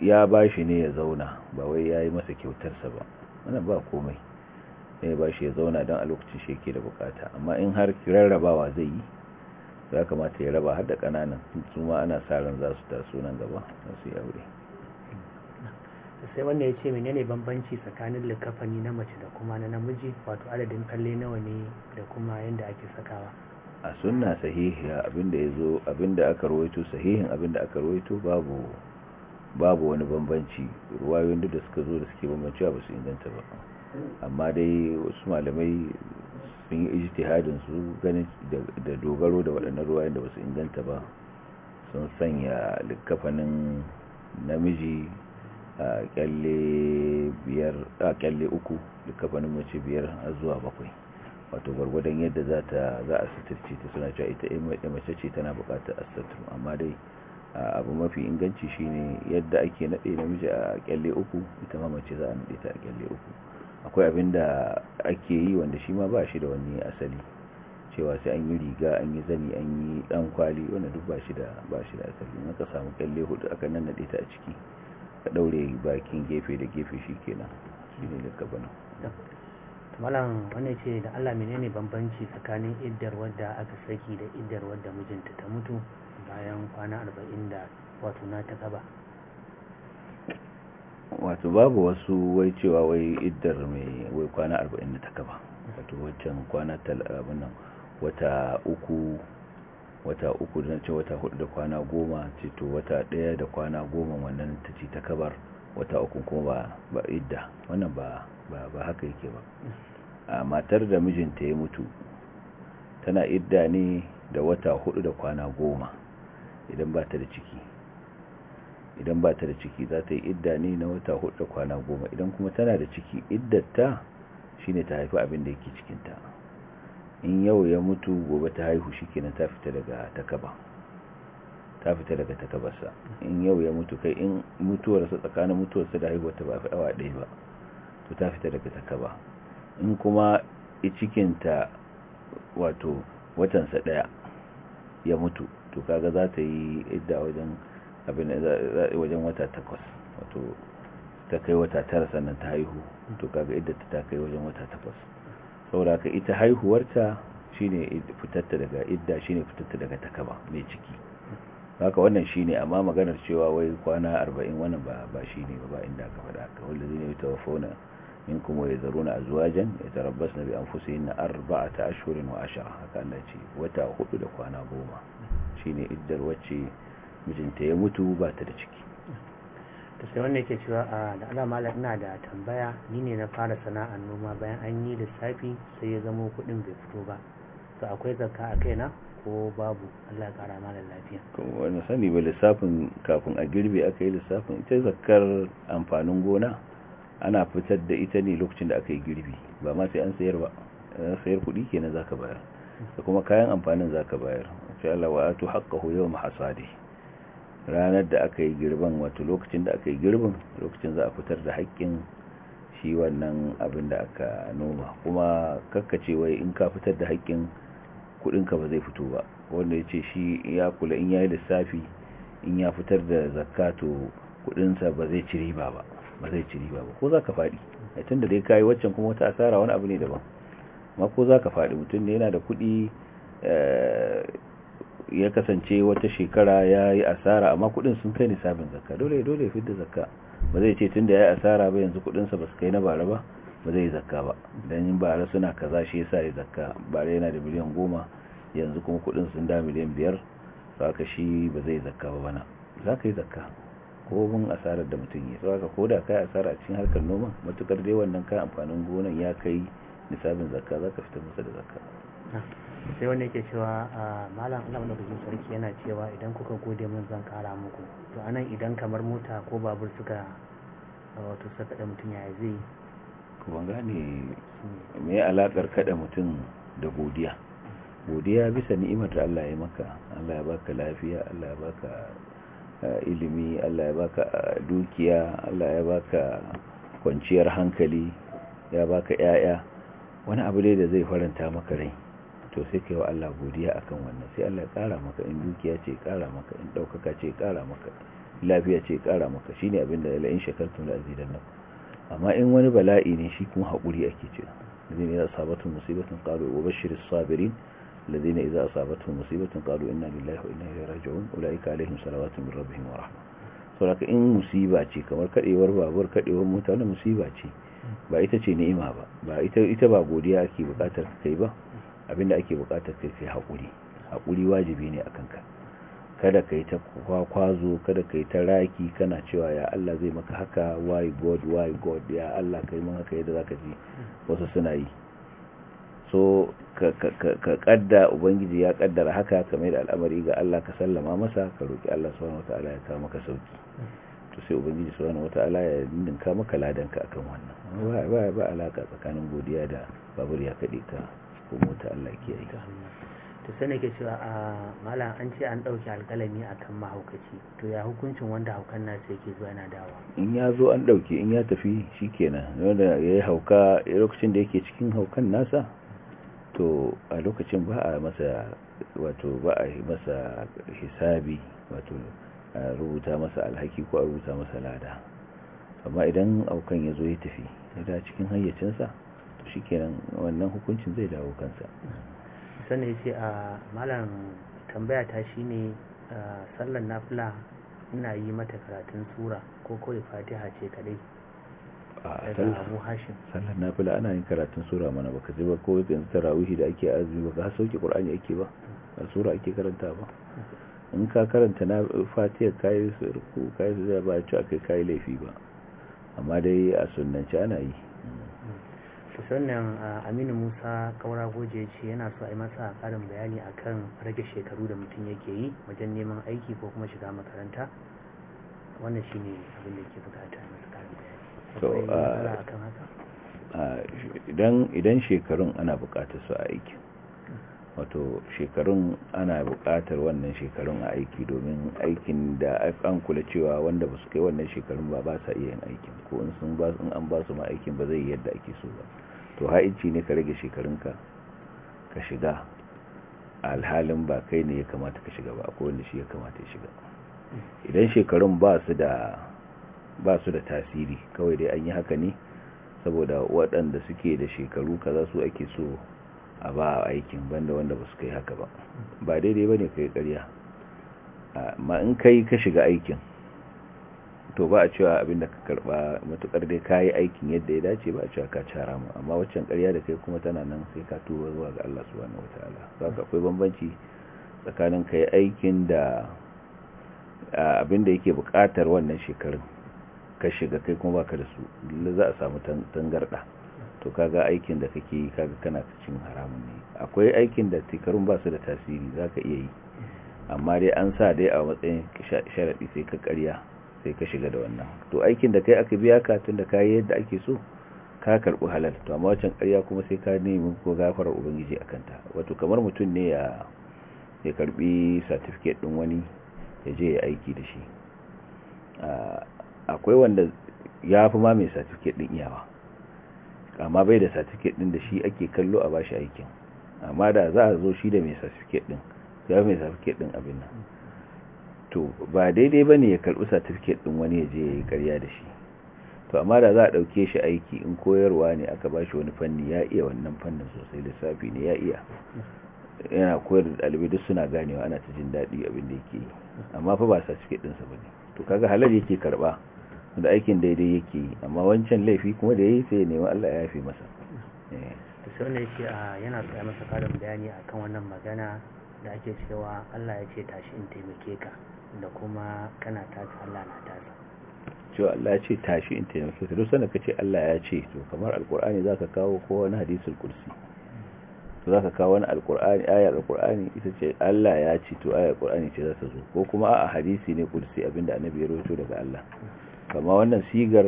ya ba shi ne ya zauna ba wai ya yi masa kyautarsa ba wani ba komai ne ba shi ya zauna don a lokacin shi yake da bukata amma in har rarrabawa zai yi za kamata ya raba har da kananan su ma ana sa ran za su taso nan gaba don su yi aure sai wanda ya ce menene bambanci tsakanin likafani na mace da kuma na namiji wato adadin kalle nawa ne da kuma yadda ake sakawa a sunna sahihiya abinda yazo abinda aka rawaito sahihin abinda aka rawaito babu babu wani bambanci ruwayoyin da suka zo da suke bambanci ba su inganta ba amma dai wasu malamai sun yi ijtihadin su ganin da dogaro da waɗannan ruwayoyin da ba su inganta ba sun sanya likafanin namiji a kyalle uku likafanin mace biyar har zuwa bakwai wato gwargwadon yadda za ta za a sitirce ta suna cewa ita mace ce tana bukatar asatru amma dai abu mafi inganci shine yadda ake naɗe namiji a kyalle uku ita ma mace za a nade ta a kyalle uku akwai abin da ake yi wanda shi ma ba shi da wani asali cewa sai an yi riga an yi zani an yi dan kwali wanda duk ba shi da ba shi da asali in ka samu kyalle hudu aka nan nade ta a ciki ka ɗaure bakin gefe da gefe shi shikenan shine da kabana malam wani ce da allah menene bambanci tsakanin iddar wadda aka saki da iddar wadda mijinta ta mutu bayan kwana arba'in da wato na ta gaba wato babu wasu wai cewa wai iddar mai wai kwana arba'in da ta gaba wato waccan kwana talabin nan wata uku wata uku da ce wata hudu da kwana goma ce to wata daya da kwana goma wannan ta ce ta kabar wata uku kuma ba idda wannan ba haka yake ba matar da mijinta ya mutu tana idda ne da wata hudu da kwana goma idan ba ta da ciki idan ba ta da ciki za ta yi idda ne na wata hudu da kwana goma idan kuma tana da ciki iddata ne ta haifi abin da yake cikinta in yau ya mutu gobe ta haihu shi kenan ta fita daga takaba ta fita daga takabarsa in yau ya mutu kai in mutuwarsa tsakanin mutuwarsa da ta ba fi awa ɗaya ba to ta fita daga takaba in kuma cikinta wato watansa ɗaya ya mutu to kaga za ta yi idda wajen abin wajen wata takwas wato ta kai wata tara sannan ta haihu to kaga idda ta kai wajen wata takwas saboda ka ita haihuwarta shine fitarta daga idda shine fitatta daga takaba mai ciki haka wannan shine amma maganar cewa wai kwana 40 wannan ba ba shine ba inda aka faɗa haka wallazi ne tawaffawna منكم ويذرون أزواجا يتربصن بأنفسهن أربعة أشهر وعشرة كان لتي وتأخذ لكوانا بوما شيني إدر wacce mijinta ya mutu ba ta da ciki ta sai yake cewa a ah, da alama ina da tambaya ni ne na fara sana'ar noma bayan an yi lissafi sai ya zamo kudin bai fito ba to akwai zakka a kaina ko babu Allah kara malar lafiya kuma wani sani ba lissafin kafin a girbe aka yi lissafin ita zakkar amfanin gona ana fitar da ita ne lokacin da aka yi girbi ba ma sai an sayar ba sayar kuɗi kenan zaka bayar da kuma kayan amfanin zaka bayar sai Allah wa atu haqqahu yawm hasadi ranar da aka yi girban wato lokacin da aka yi girbin lokacin za a fitar da haƙƙin shi wannan abin da aka noma kuma kakkace wai in ka fitar da haƙƙin kuɗinka ba zai fito ba wanda ya ce shi ya kula in ya yi lissafi in ya fitar da zakato kuɗinsa ba zai ci riba ba ba zai ci riba ba ko za ka faɗi a tun da dai kayi waccan kuma wata asara wani abu ne daban ma ko za ka faɗi mutum ne yana da kuɗi eh, ya kasance wata shekara ya yi asara amma kuɗin sun kai nisabin zakka dole dole ya fidda zakka ba zai ce tun da ya yi asara ba yanzu kuɗinsa ba su kai na bara ba ba zai yi zakka ba don yin bara suna kaza shi yasa ya zakka bara yana da miliyan goma yanzu kuma kuɗin sun da miliyan biyar ba ka shi ba zai zakka ba bana za ka yi zakka komin asarar da mutum ya tsawaka ko da kai asara a cikin harkar noma matukar dai wannan kai amfanin gonan ya kai nisabin zakka za ka fitar masa da zakka sai wanda yake cewa ah, malam allah madaukakin sarki yana cewa idan kuka gode min zan kara muku to anan idan kamar mota ko babur suka ah, wato suka kada mutum ya zai ban gane me alakar kada mutum da godiya godiya bisa ni'imar da allah ya maka allah ya baka lafiya allah ya baka ilimi Allah ya baka dukiya Allah ya baka kwanciyar hankali ya baka yaya wani abu dai da zai faranta maka rai to sai kai wa Allah godiya akan wannan sai Allah ya kara maka in dukiya ce kara maka in daukaka ce kara maka lafiya ce kara maka shine abin da la in shakartum la azidannakum amma in wani bala'i ne shi kuma hakuri ake cewa zai ne sabatu musibatun qalu wa bashiris sabirin الذين إذا أصابتهم مصيبة قالوا إنا لله وإنا إليه أولئك عليهم صلوات من ربهم ورحمة saboda in musiba ce kamar kadewar babur kadewar mota na musiba ce ba ita ce ni'ima ba ba ita ba godiya ake bukatar kai ba abinda ake bukatar kai sai haƙuri haƙuri wajibi ne akan ka kada kai ta kwakwazo kada yi ta raki kana cewa ya Allah zai maka haka why god why god ya Allah kai mun haka yadda zaka ji wasu suna yi so ka kadda ubangiji ya kaddara haka ka mai da al'amari ga Allah ka sallama masa ka roki Allah subhanahu wataala ya kawo maka sauki to sai ubangiji subhanahu wataala ya dinka maka ladanka akan wannan ba ba ba alaka tsakanin godiya da babur ya kade ka ko mota Allah ke yi to sai nake cewa a malam an ce an dauki alkalami akan mahaukaci to ya hukuncin wanda haukan sai yake zuwa yana dawa in ya zo an dauke in ya tafi shikenan wanda yayi hauka lokacin da yake cikin haukan nasa to a lokacin ba a masa wato ba a masa hisabi wato a rubuta masa alhaki ko a rubuta masa lada amma idan aukan ya zo ya tafi ya cikin hayyacinsa to shi kenan wannan hukuncin zai dawo kansa sannan ya ce a malam tambaya ta shi ne sallan nafila ina yi mata karatun sura ko kawai fatiha ce kadai sallar nafila ana yin karatun sura mana ka ji ba ko yanzu tarawihi da ake azumi ba ka sauke qur'ani ake ba a sura ake karanta ba in ka karanta na fatiha kai ko kai zai ba ci akai kai laifi ba amma dai a sunnance ana yi sannan aminu musa kaura goje ce yana so a yi masa karin bayani akan rage shekaru da mutum yake yi wajen neman aiki ko kuma shiga makaranta wannan shine abin da ke bukata Uh, uh, idan shekarun ana bukatar su a aiki wato shekarun ana bukatar wannan shekarun a aiki domin aikin da an kula cewa wanda ba su kai wannan shekarun ba ba sa iya yin aikin ko in sun ba an ba su ma aikin ba zai yadda ake so ba to haici ne ka rage shekarunka ka shiga alhalin ba kai ne ya kamata ka shiga ba akwai wanda shi ya kamata ya shiga idan shekarun ba su da ba su da tasiri kawai dai an yi haka ne saboda waɗanda suke da shekaru kaza su ake so a ba a aikin banda wanda ba su kai haka ba ba daidai ba ne ka yi ƙarya ma in kai ka shiga aikin to ba a cewa abinda ka karba matukar dai ka yi aikin yadda ya dace ba a cewa ka cara mu amma waccan ƙarya da kai kuma tana nan sai ka tuba zuwa ga Allah subhanahu wataala saka akwai bambanci tsakanin kai aikin da abinda yake buƙatar wannan shekarun ka shiga kai kuma baka da su lalle za a samu tangarda to kaga aikin da kake yi kaga kana cikin haramun ne akwai aikin da tikarun ba su da tasiri zaka iya yi amma dai an sa dai a matsayin sharadi sai ka ƙarya sai ka shiga da wannan to aikin da kai aka biya ka tun da yi yadda ake so ka karɓi halal to amma wancan ƙarya kuma sai ka nemi ko gafarar ubangiji a kanta wato kamar mutum ne ya ya karɓi certificate ɗin wani ya je ya aiki da shi ah, akwai wanda ya fi ma mai satifiket din iyawa amma bai da satifiket din da shi ake kallo a bashi aikin amma da za a zo shi da mai satifiket din ya fi mai satifiket din abin nan to ba daidai ba ne ya karɓi satifiket din wani ya je ya yi karya da shi to amma da za a ɗauke shi aiki in koyarwa ne aka bashi wani fanni ya iya wannan fannin sosai lissafi ne ya iya yana koyar da ɗalibai duk suna ganewa ana ta jin daɗi abin da yake yi amma fa ba certificate ɗinsa ba ne to kaga halar yake karɓa da aikin daidai yake yi amma wancan laifi kuma da yayi sai ya nemi Allah ya yafe masa eh. to sai wanda a ah, yana tsaya masa karin bayani akan wannan magana da ake cewa Allah ya ce tashi in taimake ka da kuma kana tashi Allah na tasa cewa Allah ya ce tashi in taimake ka duk ka ce Allah ya ce to kamar alkur'ani zaka kawo ko wani hadisul kursi to ka kawo wani alkur'ani ayar alkur'ani ita ce Allah ya ce to ayar alkur'ani ce za ta zo ko kuma a hadisi ne kursi abinda annabi ya rawaito daga Allah kama wannan sigar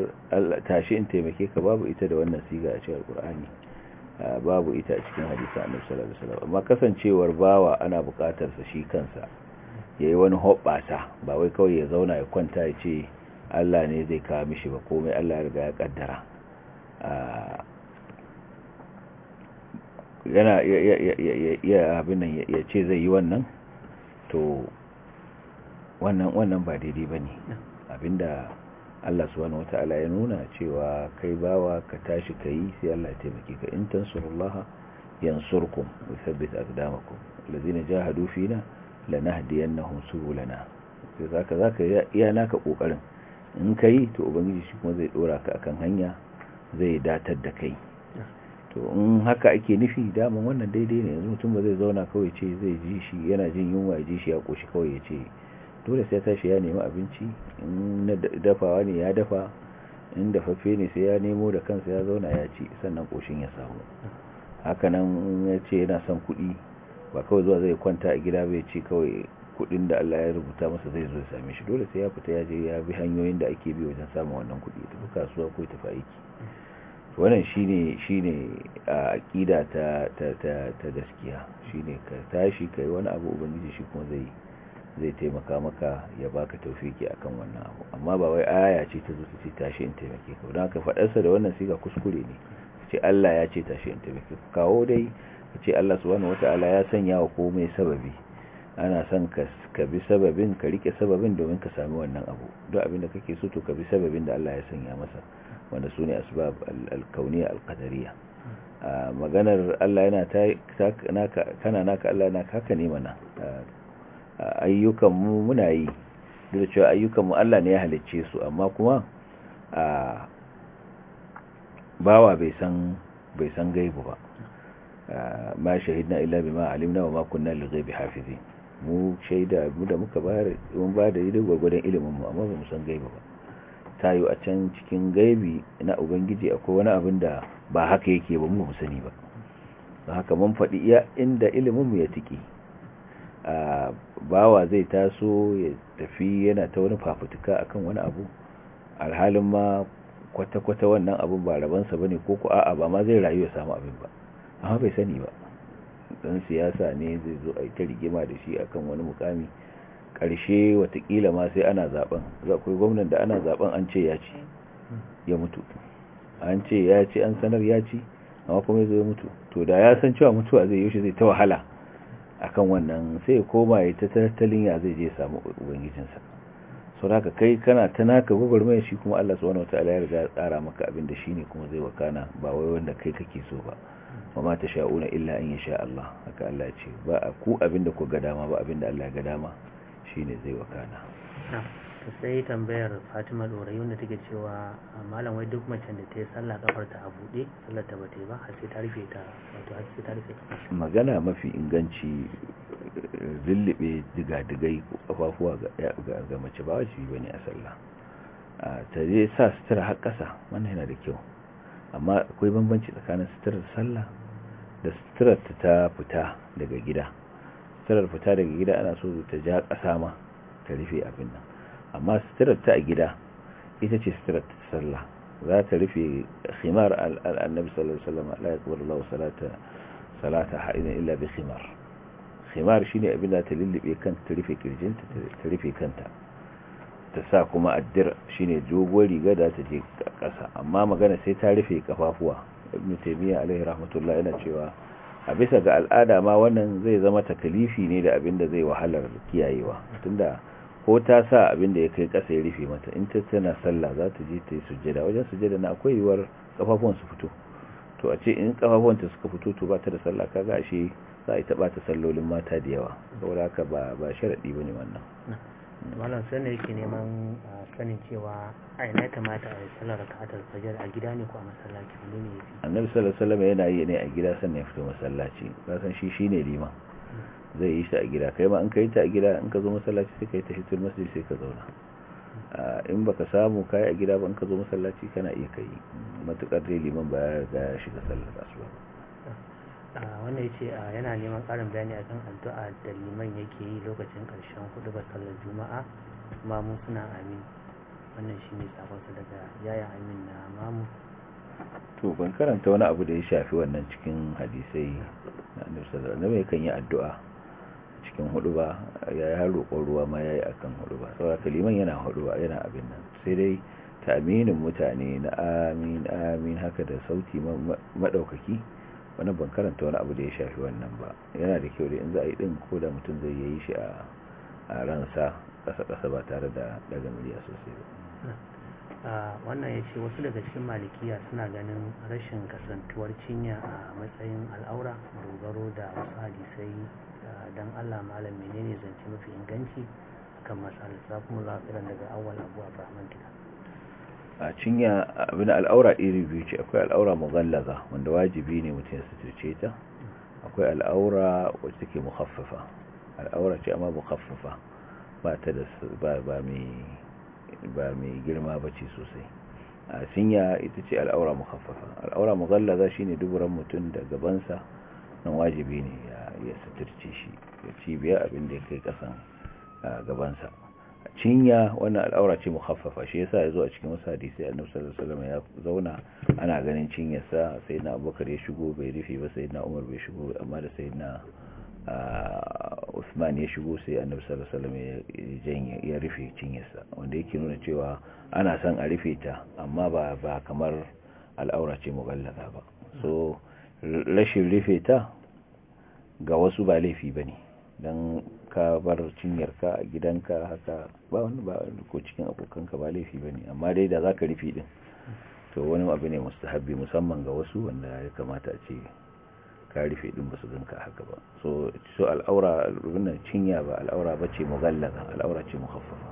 tashi in taimake ka babu ita da wannan siga a cikin qur'ani babu ita a cikin hadisa annabi sallallahu alaihi wasallam amma kasancewar bawa ana buƙatar sa shi kansa yayi wani hobbasa ba wai kawai ya zauna ya kwanta ya ce Allah ne zai kawo mishi ba komai Allah ya riga ya kaddara yana ya abin nan ya ce zai yi wannan to wannan wannan ba daidai bane abinda Allah subhanahu wata'ala ya nuna cewa kai bawa ka tashi ka yi sai Allah ya taimake ka in tansurullaha yansurkum wa thabbit aqdamakum allazina jahadu fina lanahdiyannahum subulana sai zaka zaka iya naka kokarin in kai to ubangiji shi kuma zai dora ka akan hanya zai datar da kai to in haka ake nufi daman wannan daidai ne yanzu mutum ba zai zauna kawai ce zai ji shi yana jin yunwa ya ji shi ya koshi kawai ya ce dole sai tashi ya nemi abinci in dafawa ne ya dafa in dafaffe ne sai ya nemo da kansa ya zauna ya ci sannan koshin ya samu hakanan ya ce yana son kuɗi ba kawai zuwa zai kwanta a gida bai ci kawai kuɗin da Allah ya rubuta masa zai zo ya same shi dole sai ya fita ya je ya bi hanyoyin da ake bi wajen samun wannan kuɗi tafi kasuwa ko tafi aiki wannan shine shine aqida ta ta ta gaskiya shine ka tashi kai wani abu ubangiji shi kuma zai yi zai taimaka maka ya baka taufiki akan wannan abu amma ba wai aya ce ta zuci ce tashi in taimake ka don haka fadarsa da wannan siga kuskure ne ce Allah ya ce tashi in taimake ka kawo dai ce Allah subhanahu wataala ya sanya wa komai sababi ana son ka ka bi sababin ka rike sababin domin ka sami wannan abu duk abin da kake so to ka bi sababin da Allah ya sanya masa wanda sune asbab al-kauniyya al-qadariyya ah, maganar Allah yana ta kana naka Allah yana ka ne mana ah, ayyukan mu muna yi duk da cewa ayyukan mu Allah ne ya halicce su amma kuma a bawa bai san bai san gaibu ba ma shahidna illa bima alimna wa ma kunna lil ghaibi hafizin mu shaida mu da muka bayar mun ba da ido gwargwadon ilimin mu amma ba mu san gaibu ba tayo a can cikin gaibi na ubangiji akwai wani abin da ba haka yake ba mu sani ba haka mun faɗi iya inda ilimin mu ya tiki bawa zai taso ya tafi yana ta wani fafutuka akan wani abu alhalin ma kwata-kwata wannan abin ba rabansa ba ne ko ku a'a ba ma zai rayu ya samu abin ba amma bai sani ba don siyasa ne zai zo a ta rigima da shi akan wani mukami ƙarshe watakila ma sai ana zaben za ku gwamnan da ana zaben an ce ya ci ya mutu an ce ya ci an sanar ya ci amma kuma ya zo ya mutu to da ya san cewa mutuwa zai yaushe zai ta wahala akan wannan sai ya koma ya ta tattalin ya zai je ya samu ubangijinsa sau da ka kai kana ta naka mai shi kuma Allah subhanahu wata ya riga tsara maka abin da shi ne kuma zai wakana ba wai wanda kai kake so ba ba ma ta shauna illa an sha Allah haka Allah ce ba a ku abin da ku ga dama ba abin da Allah ga dama shi ne zai wakana sai tambayar fatima dorai wanda take cewa malam wai duk macen da ta yi sallah kafar ta a buɗe sallar ta bata yi ba har sai ta rufe ta wato har sai ta rufe ta magana mafi inganci lullube digadigai ko kafafuwa ga mace ba wajibi bane a sallah ta je sa sutura har ƙasa wannan yana da kyau amma akwai bambanci tsakanin suturar sallah da suturar ta fita daga gida suturar fita daga gida ana so ta ja ƙasa ma ta rufe abin nan amma ta a gida ita ce suturarta ta sallah za ta rufe khimar al'annabi sallallahu alaihi wasallam la salata salata illa bi khimar khimar shine abin da ta lullube kanta ta rufe kirjinta ta rufe kanta ta sa kuma addir shine jogon riga da ta je ƙasa amma magana sai ta rufe kafafuwa ibn taimiyya alaihi rahmatullah yana cewa a bisa ga al'ada ma wannan zai zama takalifi ne da abin da zai wahalar kiyayewa tunda ko ta sa abin da ya kai ƙasa ya rufe mata in ta tana sallah za ta je ta yi sujjada wajen sujjada na akwai yiwuwar kafafuwan su fito to a ce in kafafuwan ta suka fito to ba ta da sallah ga ashe za a yi taɓa ta sallolin mata da yawa saboda haka ba ba sharaɗi bane wannan malam sai ne yake neman sanin cewa a ina kamata a yi sallar rakatar fajar a gida ne ko a masallaci ne ne annabi sallallahu alaihi wasallam yana yi ne a gida sannan ya fito masallaci kasan san shi shine liman zai yi shi a gida kai ma in ka yi ta a gida in ka zo masallaci sai ka yi ta hitul masjid sai ka zauna in baka samu kai a gida ba in ka zo masallaci kana iya kai matukar dai liman ba ya ga ya shiga sallar asuba wannan yace yana neman karin bayani akan addu'a da liman yake yi lokacin karshen hudu ba sallar juma'a mamu suna amin wannan shine sa daga yaya amin na mamu to ban karanta wani abu da ya shafi wannan cikin hadisai na annabi sallallahu alaihi wasallam kan yi addu'a cikin hudu ba ya ya roƙon ruwa ma ya yi a kan hudu ba saboda kaliman yana hudu ba yana abin nan sai dai taminin mutane na amin amin haka da sauti maɗaukaki wani ban karanta wani abu da ya shafi wannan ba yana da kyau da in za a yi ɗin ko da mutum zai yi shi a ransa ƙasa-ƙasa ba tare da daga miliya sosai ba wannan ya ce wasu daga cikin malikiya suna ganin rashin kasantuwar cinya a matsayin al'aura dogaro da wasu hadisai don allah malam menene zance mafi inganci kan matsalar za kuma lafiran daga awal abu abrahman gida a cinya abin al'aura iri biyu ce akwai al'aura mughallaza wanda wajibi ne mutum ya sutuce ta akwai al'aura wacce take mukhaffafa al'aura ce amma mukhaffafa ba ta da ba mai ba mai girma ba ce sosai a sinya ita ce al'aura mukhaffafa al'aura shi ne duburan mutum da gabansa nan wajibi ne ya suturce shi ya cibiya abin da ya kai kasan gabansa cinya wannan al'aura ce mukhaffafa shi yasa zo a cikin wasu hadisai a nufsar da salama ya zauna ana ganin cinyarsa na abokar ya shigo bai rufe ba sai na umar bai shigo amma da na. Usman ya shigo sai annabi sallallahu alaihi wasallam ya rufe cinyarsa wanda yake nuna cewa ana san a rufe ta amma ba ba kamar al'aura ce mugallaka ba so rashin rufe ta ga wasu ba laifi bane dan ka bar cinyarka a gidanka haka ba wani ba ko cikin abokanka ba laifi bane amma dai da zaka rufe din to wani abu ne mustahabbi musamman ga wasu wanda ya kamata a ce ka rufe din ba su ganka haka ba so so al'aura rubunan cinya ba al'aura ba ce al'aura ce mukhaffafa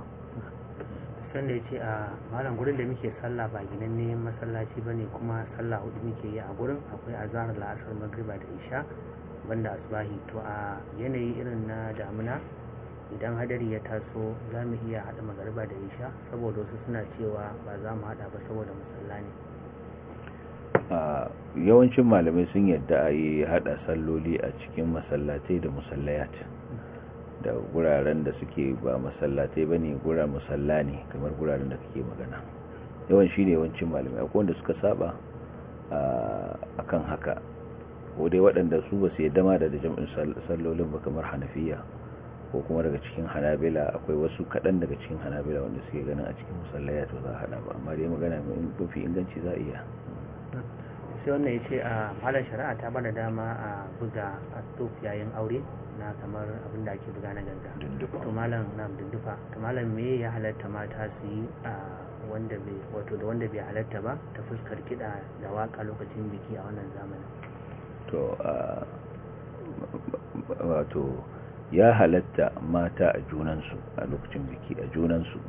sanda ya ce a ah, malam gurin da muke sallah ba ginan ne masallaci bane kuma sallah hudu muke yi a gurin akwai azhar la'asar magriba da isha banda asbahi to a yanayi irin na damuna idan hadari ya taso za mu iya haɗa magariba da isha saboda wasu suna cewa ba za mu haɗa ba saboda masalla ne yawancin malamai sun yadda a yi hada salloli a cikin masallatai da musallayat da guraren da suke ba masallatai ba ne gura musalla ne kamar guraren da kake magana yawan shi ne yawancin malamai akwai wanda suka saba a kan haka ko dai waɗanda su ba su yadda ma da jam'in sallolin ba kamar hanafiya ko kuma daga cikin hanabila akwai wasu kaɗan daga cikin hanabila wanda suke ganin a cikin musallayat ba za a hada ba amma dai magana mafi inganci za a iya sai wannan ya ce a malar shari'a ta bada dama a buga a stof yayin aure na kamar abin da ake buga na ganga to malam na dindufa to malam me ya halatta mata su yi a wanda bai wato da wanda bai halatta ba ta fuskar kiɗa da waka lokacin biki a wannan zamanin to wato ya halatta mata a junansu a lokacin biki a junansu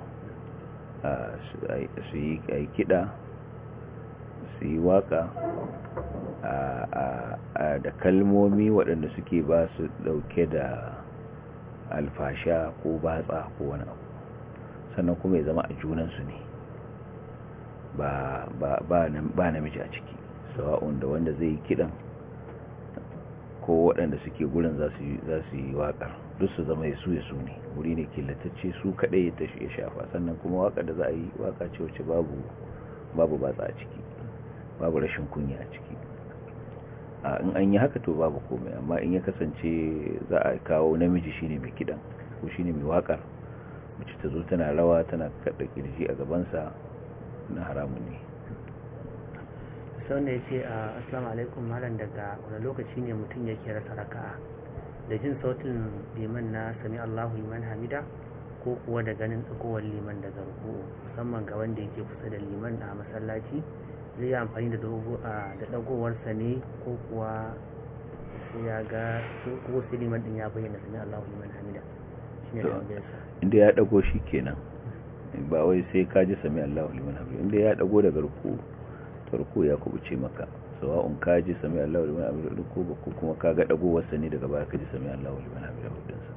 su yi kiɗa su yi waka da kalmomi waɗanda suke ba su ɗauke da alfasha ko batsa ko wani abu sannan kuma ya zama a junansu ne ba namiji a ciki sawa'un da wanda zai yi kiɗan ko waɗanda suke gurin za su yi waƙar duk su zama ya ya su ne wuri ne killatacce su kaɗai ya shafa sannan kuma waƙar da za a yi waƙa ce wacce babu batsa a ciki babu rashin kunya a ciki a in an yi haka to babu komai amma in ya kasance za a kawo namiji shine mai kidan ko shine mai wakar mace ta zo tana rawa tana kada kirji a gabansa na haramun ne sauna ya ce a asalamu alaikum malam daga wani lokaci ne mutum yake rasa raka'a da jin sautin liman na sami allahu liman hamida ko kuwa da ganin tsakowar liman daga ruku'u musamman ga wanda yake kusa da liman a masallaci zai yi amfani da dagowarsa ne ko kuwa sai ya ga ko sai liman din ya bayyana sami Allah liman hamida inda ya dago shi kenan ba wai sai ka ji sami Allah liman hamida inda ya dago daga ruku farko ya kubuce maka sawa'un ka ji sami Allah liman hamida ko ba ko kuma ka ga dagowarsa ne daga baya ka ji sami Allah liman hamida hudunsa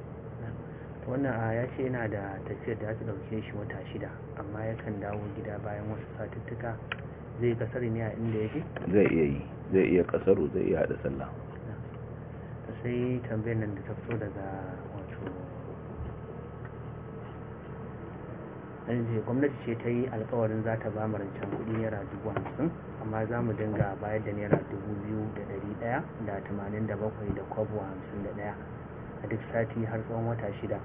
wannan a ya ce yana da tafiyar da ya ta dauke shi wata shida amma yakan dawo gida bayan wasu satuttuka zai kasar ne a inda yake zai iya yi zai iya kasaru zai iya hada sallah ta sai tambayar nan da ta fito daga wato yanzu gwamnati ce ta yi alkawarin za ta ba rancen kudi naira dubu hamsin amma za mu dinga bayar da naira dubu biyu da dari daya da tamanin da bakwai da kwabo hamsin da daya a duk sati har tsawon wata shida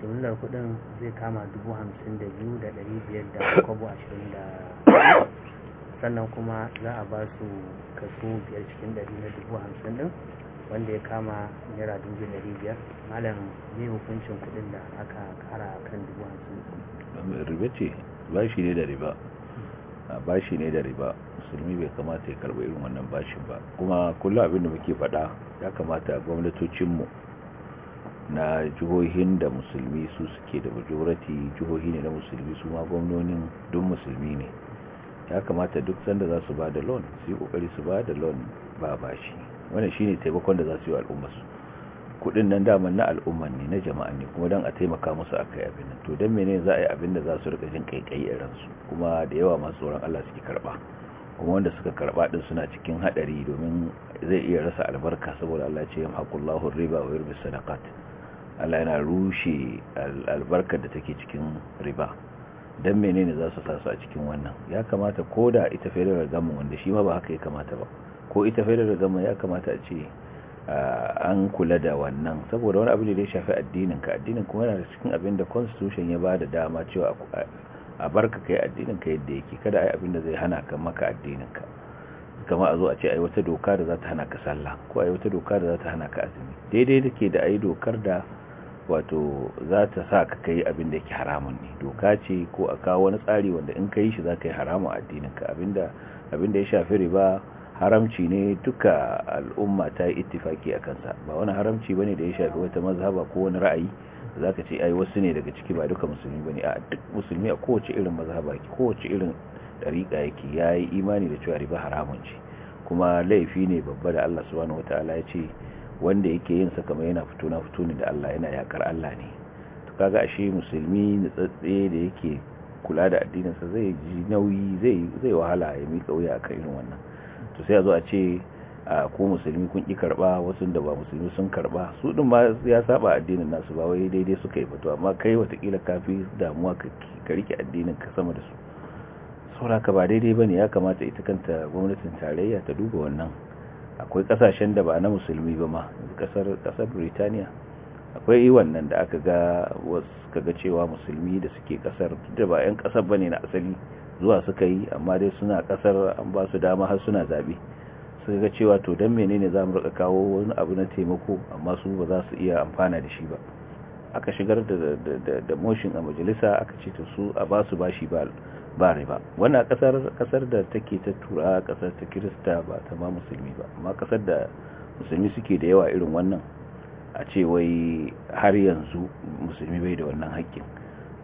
jimillar kudin zai kama dubu hamsin da biyu da dari biyar da kwabo ashirin da sannan kuma za a ba su kaso biyar cikin ɗari na dubu hamsin ɗin wanda ya kama naira dubu ɗari biyar malam ne hukuncin kuɗin da aka kara a kan dubu hamsin riba ce bashi ne da riba bashi ne da riba musulmi bai kamata ya karɓi irin wannan bashin ba kuma kullum abin da muke faɗa ya kamata gwamnatocinmu na jihohin da musulmi su suke da majorati jihohi ne na musulmi su ma gwamnonin don musulmi ne ya kamata duk sanda za su ba da loan su yi kokari su ba da loan ba bashi wannan shine taimakon da za su yi al'umma su kudin nan daman na al'umma ne na jama'a ne kuma dan a taimaka musu akai abin nan to dan menene za a yi abin da za su rika jin kaikayi a ransu kuma da yawa masu tsoron Allah suke karba kuma wanda suka karba din suna cikin hadari domin zai iya rasa albarka saboda Allah ya ce yamhaqullahu riba wa yurbi sadaqat Allah yana rushe albarkar da take cikin riba don menene za su sasu a cikin wannan ya kamata ko da ita federal government wanda shi ma ba haka ya kamata ba ko ita federal government ya kamata a ce an kula da wannan saboda wani abin da ya shafi addinin ka addinin kuma yana da cikin abin da constitution ya ba da dama cewa a barka kai addinin ka yadda yake kada ai abin da zai hana ka maka addinin ka kama a zo a ce ai wata doka da za ta hana ka sallah ko ai wata doka da za ta hana ka azumi daidai take da ai dokar da wato za ta sa ka kai abin da yake haramun ne doka ce ko a kawo wani tsari wanda in ka yi shi za ka yi haramun addininka abin da ya shafi riba haramci ne duka al'umma ta yi ittifaki a kansa ba wani haramci ne da ya shafi wata mazhaba ko wani ra'ayi za ka ce ai wasu ne daga ciki ba duka musulmi ba ne a duk musulmi a kowace irin mazhaba kowace irin dariƙa yake ya yi imani da cewa riba haramun ce kuma laifi ne babba da allah subhanahu wataala ya ce wanda yake yin sa kamar yana fito na fito ne da Allah yana yakar Allah ne to kaga ashe musulmi tsatse da yake kula da addinin sa zai ji nauyi zai zai wahala ya mika wuya akan irin wannan to sai a a ce a ko musulmi kun ki karba wasu da ba musulmi sun karba su din ma ya saba addinin nasu ba wai daidai suka yi fito amma kai watakila kafi damuwa ka rike addinin ka sama da su saboda ka ba daidai bane ya kamata ita kanta gwamnatin tarayya ta duba wannan akwai kasashen da ba na musulmi ba ma kasar kasar Britaniya akwai wannan da aka ga wasu kaga cewa musulmi da suke kasar da ba yan kasar bane na asali zuwa suka yi amma dai suna kasar an ba su dama har suna zabe suka ga cewa to dan menene za mu rika kawo wani abu na taimako amma su ba za su iya amfana da shi ba aka shigar da da da motion a majalisa aka ce to su a ba su bashi ba ba riba wannan kasar kasar da take ta tura kasar ta kirista ba ta ma musulmi ba amma kasar da musulmi suke da yawa irin wannan a ce wai har yanzu musulmi bai da wannan haƙƙin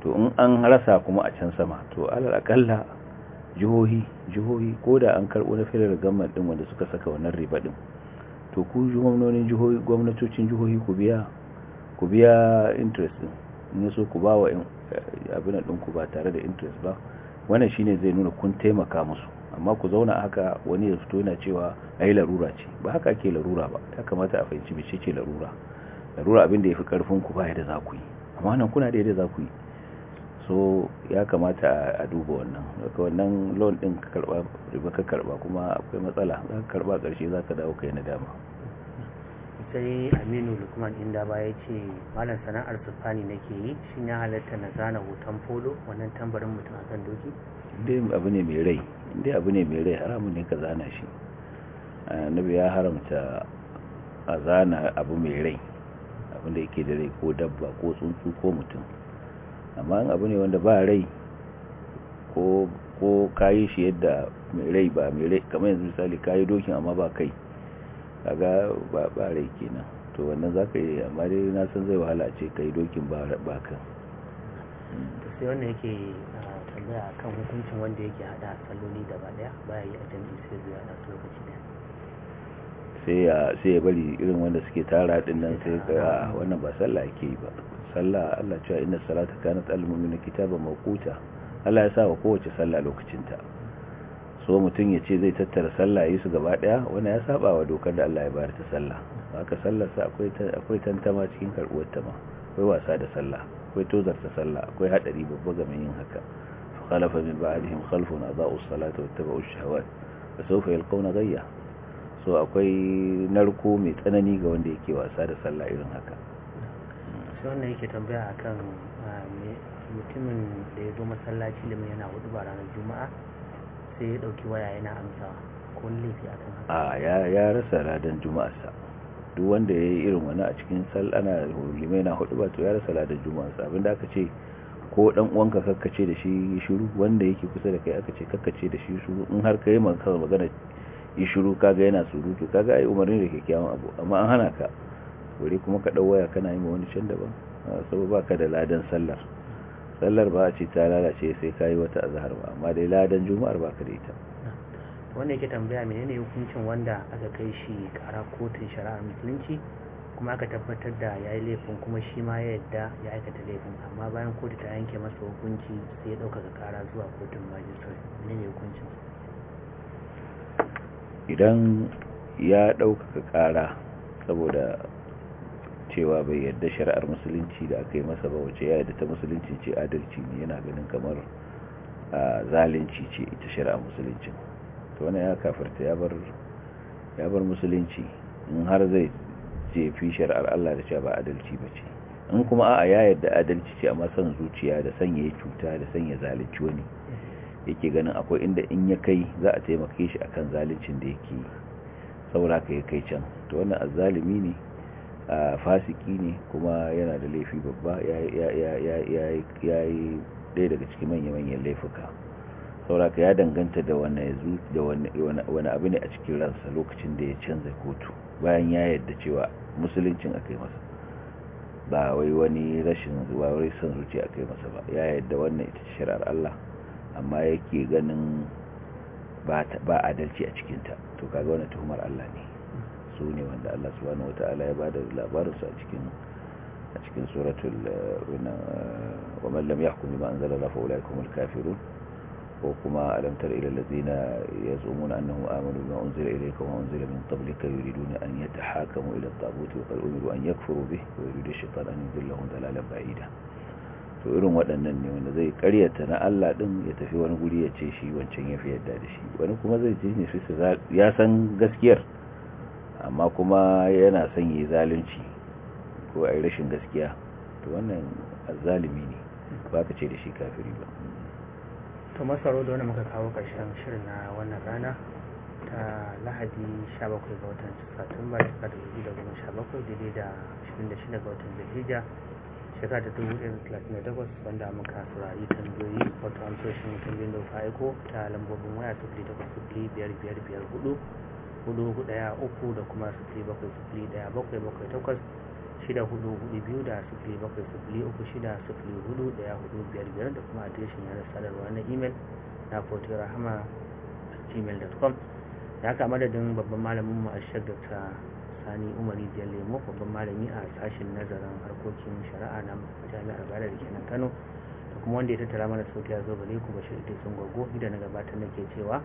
to in an rasa kuma a can sama to alal akalla jihohi jihohi ko da an karɓo na filar gamar ɗin wanda suka saka wannan riba ɗin to ku gwamnonin jihohi gwamnatocin jihohi ku biya ku biya interest ɗin in so ku ba wa eh, abin ɗin ku ba tare da interest ba wannan shine zai nuna kun taimaka musu amma ku zauna haka wani ya fito yana cewa ai larura ce ba haka ake larura ba ya kamata a fahimci mece ce larura larura abin da yafi karfin ku ba yadda za ku yi amma nan kuna da yadda za ku yi so ya kamata a duba wannan daga wannan loan din ka karba riba ka karba kuma akwai matsala za ka karba karshe za ka dawo kai na dama sai aminu lukman inda ba ya ce malam sana'ar sufani nake yi shi ya halatta na zana hoton polo wannan tambarin mutum a kan doki dai abu ne mai rai dai abu ne mai rai haramun ne ka zana shi annabi ya haramta a zana abu mai rai abin da yake da rai ko dabba ko tsuntsu ko mutum amma abu ne wanda ba rai ko kayi shi yadda mai rai ba mai rai kamar yanzu misali kayi dokin amma ba kai kaga ba ba rai kenan to wannan zaka yi amma dai na san zai wahala a ce kai dokin ba ba kan to sai wanda yake ah, tambaya kan hukuncin wanda yake hada salloli ba daya baya yi a jami'i sai zai hada su lokaci daya sai ya bari irin wanda suke tara din nan sai ka ah. wannan ba sallah yake ba sallah Allah cewa inna salata kanat al-mu'minu kitaban mawquta Allah ya sa wa kowace sallah lokacinta so mutum ya ce zai tattara sallah ya yi su gaba daya wani ya saba wa dokar da Allah ya bayar ta sallah haka sallarsa akwai tantama cikin karbuwar ta ma akwai wasa da sallah akwai tozarta sallah akwai hadari babba game yin haka fa khalafa min ba'dihim khalfun adaa'u salata wattaba'u shahawat fa sawfa yalqawna ghayya so akwai narko mai tsanani ga wanda yake wasa da sallah irin haka sai wannan yake tambaya akan ah, mutumin da ya zo masallaci limin yana hudu ba ranar juma'a sai ya dauki waya yana amsawa ko laifi akan haka a ya rasa ladan juma'a sa duk wanda ya yi irin wani a cikin sal ana limai na hudu ba to ya rasa ladan juma'a sa abinda aka ce ko dan uwanka kakkace da shi shiru wanda yake kusa da kai aka ce kakkace da shi shiru in har kai magana yi shiru kaga yana surutu kaga ai umarni da kyakkyawan abu amma an hana ka wuri kuma ka dau waya kana yi yin wani can daban saboda baka da ladan sallar sallar ba a ce ta lalace sai ka yi wata azahar ba amma dai ladan juma'ar ba ka da ita wanda yake tambaya menene hukuncin wanda aka kai shi kara kotun shari'ar musulunci kuma aka tabbatar da ya yi laifin kuma shi ma ya yadda ya aikata laifin amma bayan kotu ta yanke masa hukunci sai ya ɗaukaka kara zuwa kotun majistare ne hukuncin idan ya ɗaukaka kara saboda cewa bai yarda shari'ar musulunci da aka yi masa ba wace ya yarda ta musulunci ce adalci ne yana ganin kamar zalunci ce ita shari'ar musulunci to wannan ya kafarta ya bar musulunci in har zai je fi shari'ar Allah da cewa ba adalci ba ce in kuma a ya yarda adalci ce amma son zuciya da sanya cuta da sanya zalunci wani yake ganin akwai inda in ya kai za a taimake shi akan zaluncin da yake saboda ka ya kai can to wannan azzalimi ne fasiki ne kuma yana da laifi babba ya yi daga cikin manya-manyan laifuka sauraka ya danganta da wani abu ne a cikin ransa lokacin da ya canza kotu bayan ya yadda cewa musuluncin aka yi masa ba wai wani rashin zuwa wai son zuci aka yi masa ba ya yadda wannan ita shirar Allah amma yake ganin ba adalci a cikinta to kaga wani tuhumar Allah ne su ne wanda Allah subhanahu wata'ala ya bada labarinsu a cikin a cikin suratul uh, uh, wa man lam yahkum bima anzala Allah fa ulai humul kafirun ko kuma alam tara ila allazina yazumuna annahum amanu bima unzila ilayka wa unzila min qablika yuriduna an yatahakamu ila at-taghut wa qad umiru an yakfuru bihi wa yuridu ash-shaytanu an yudillahum dalalan ba'ida to irin waɗannan ne wanda zai karyata na Allah din ya tafi wani guri ya ce shi wancan ya fi yadda da shi wani kuma zai ce ne ya san gaskiyar amma kuma yana son yi zalunci ko a rashin gaskiya to wannan zalimi ne ba ka ce da shi kafiri ba to masaro da wani muka kawo ƙarshen shirin na wannan rana ta lahadi 17 ga watan satumba shekara 2017 daidai da 26 ga watan zulhijja shekara ta 2038 wanda muka saurari tambayoyi wato amsoshin tambayin da aiko ta lambobin waya 0805 biyar hudu daya uku da kuma sifili bakwai sifili daya bakwai bakwai takwas shida hudu hudu biyu da sifili bakwai sifili uku shida sifili hudu daya hudu biyar biyar da kuma adireshin yanar sadarwa na imel na fotirahama gmail.com da haka madadin babban malamin mu a shagarta sani umari biyar lemo babban malami a sashen nazarin harkokin shari'a na jami'ar bayar da kenan kano da kuma wanda ya tattara mana sauki ya zo gare ku bashir ita sun gwaggo idan na gabatar nake cewa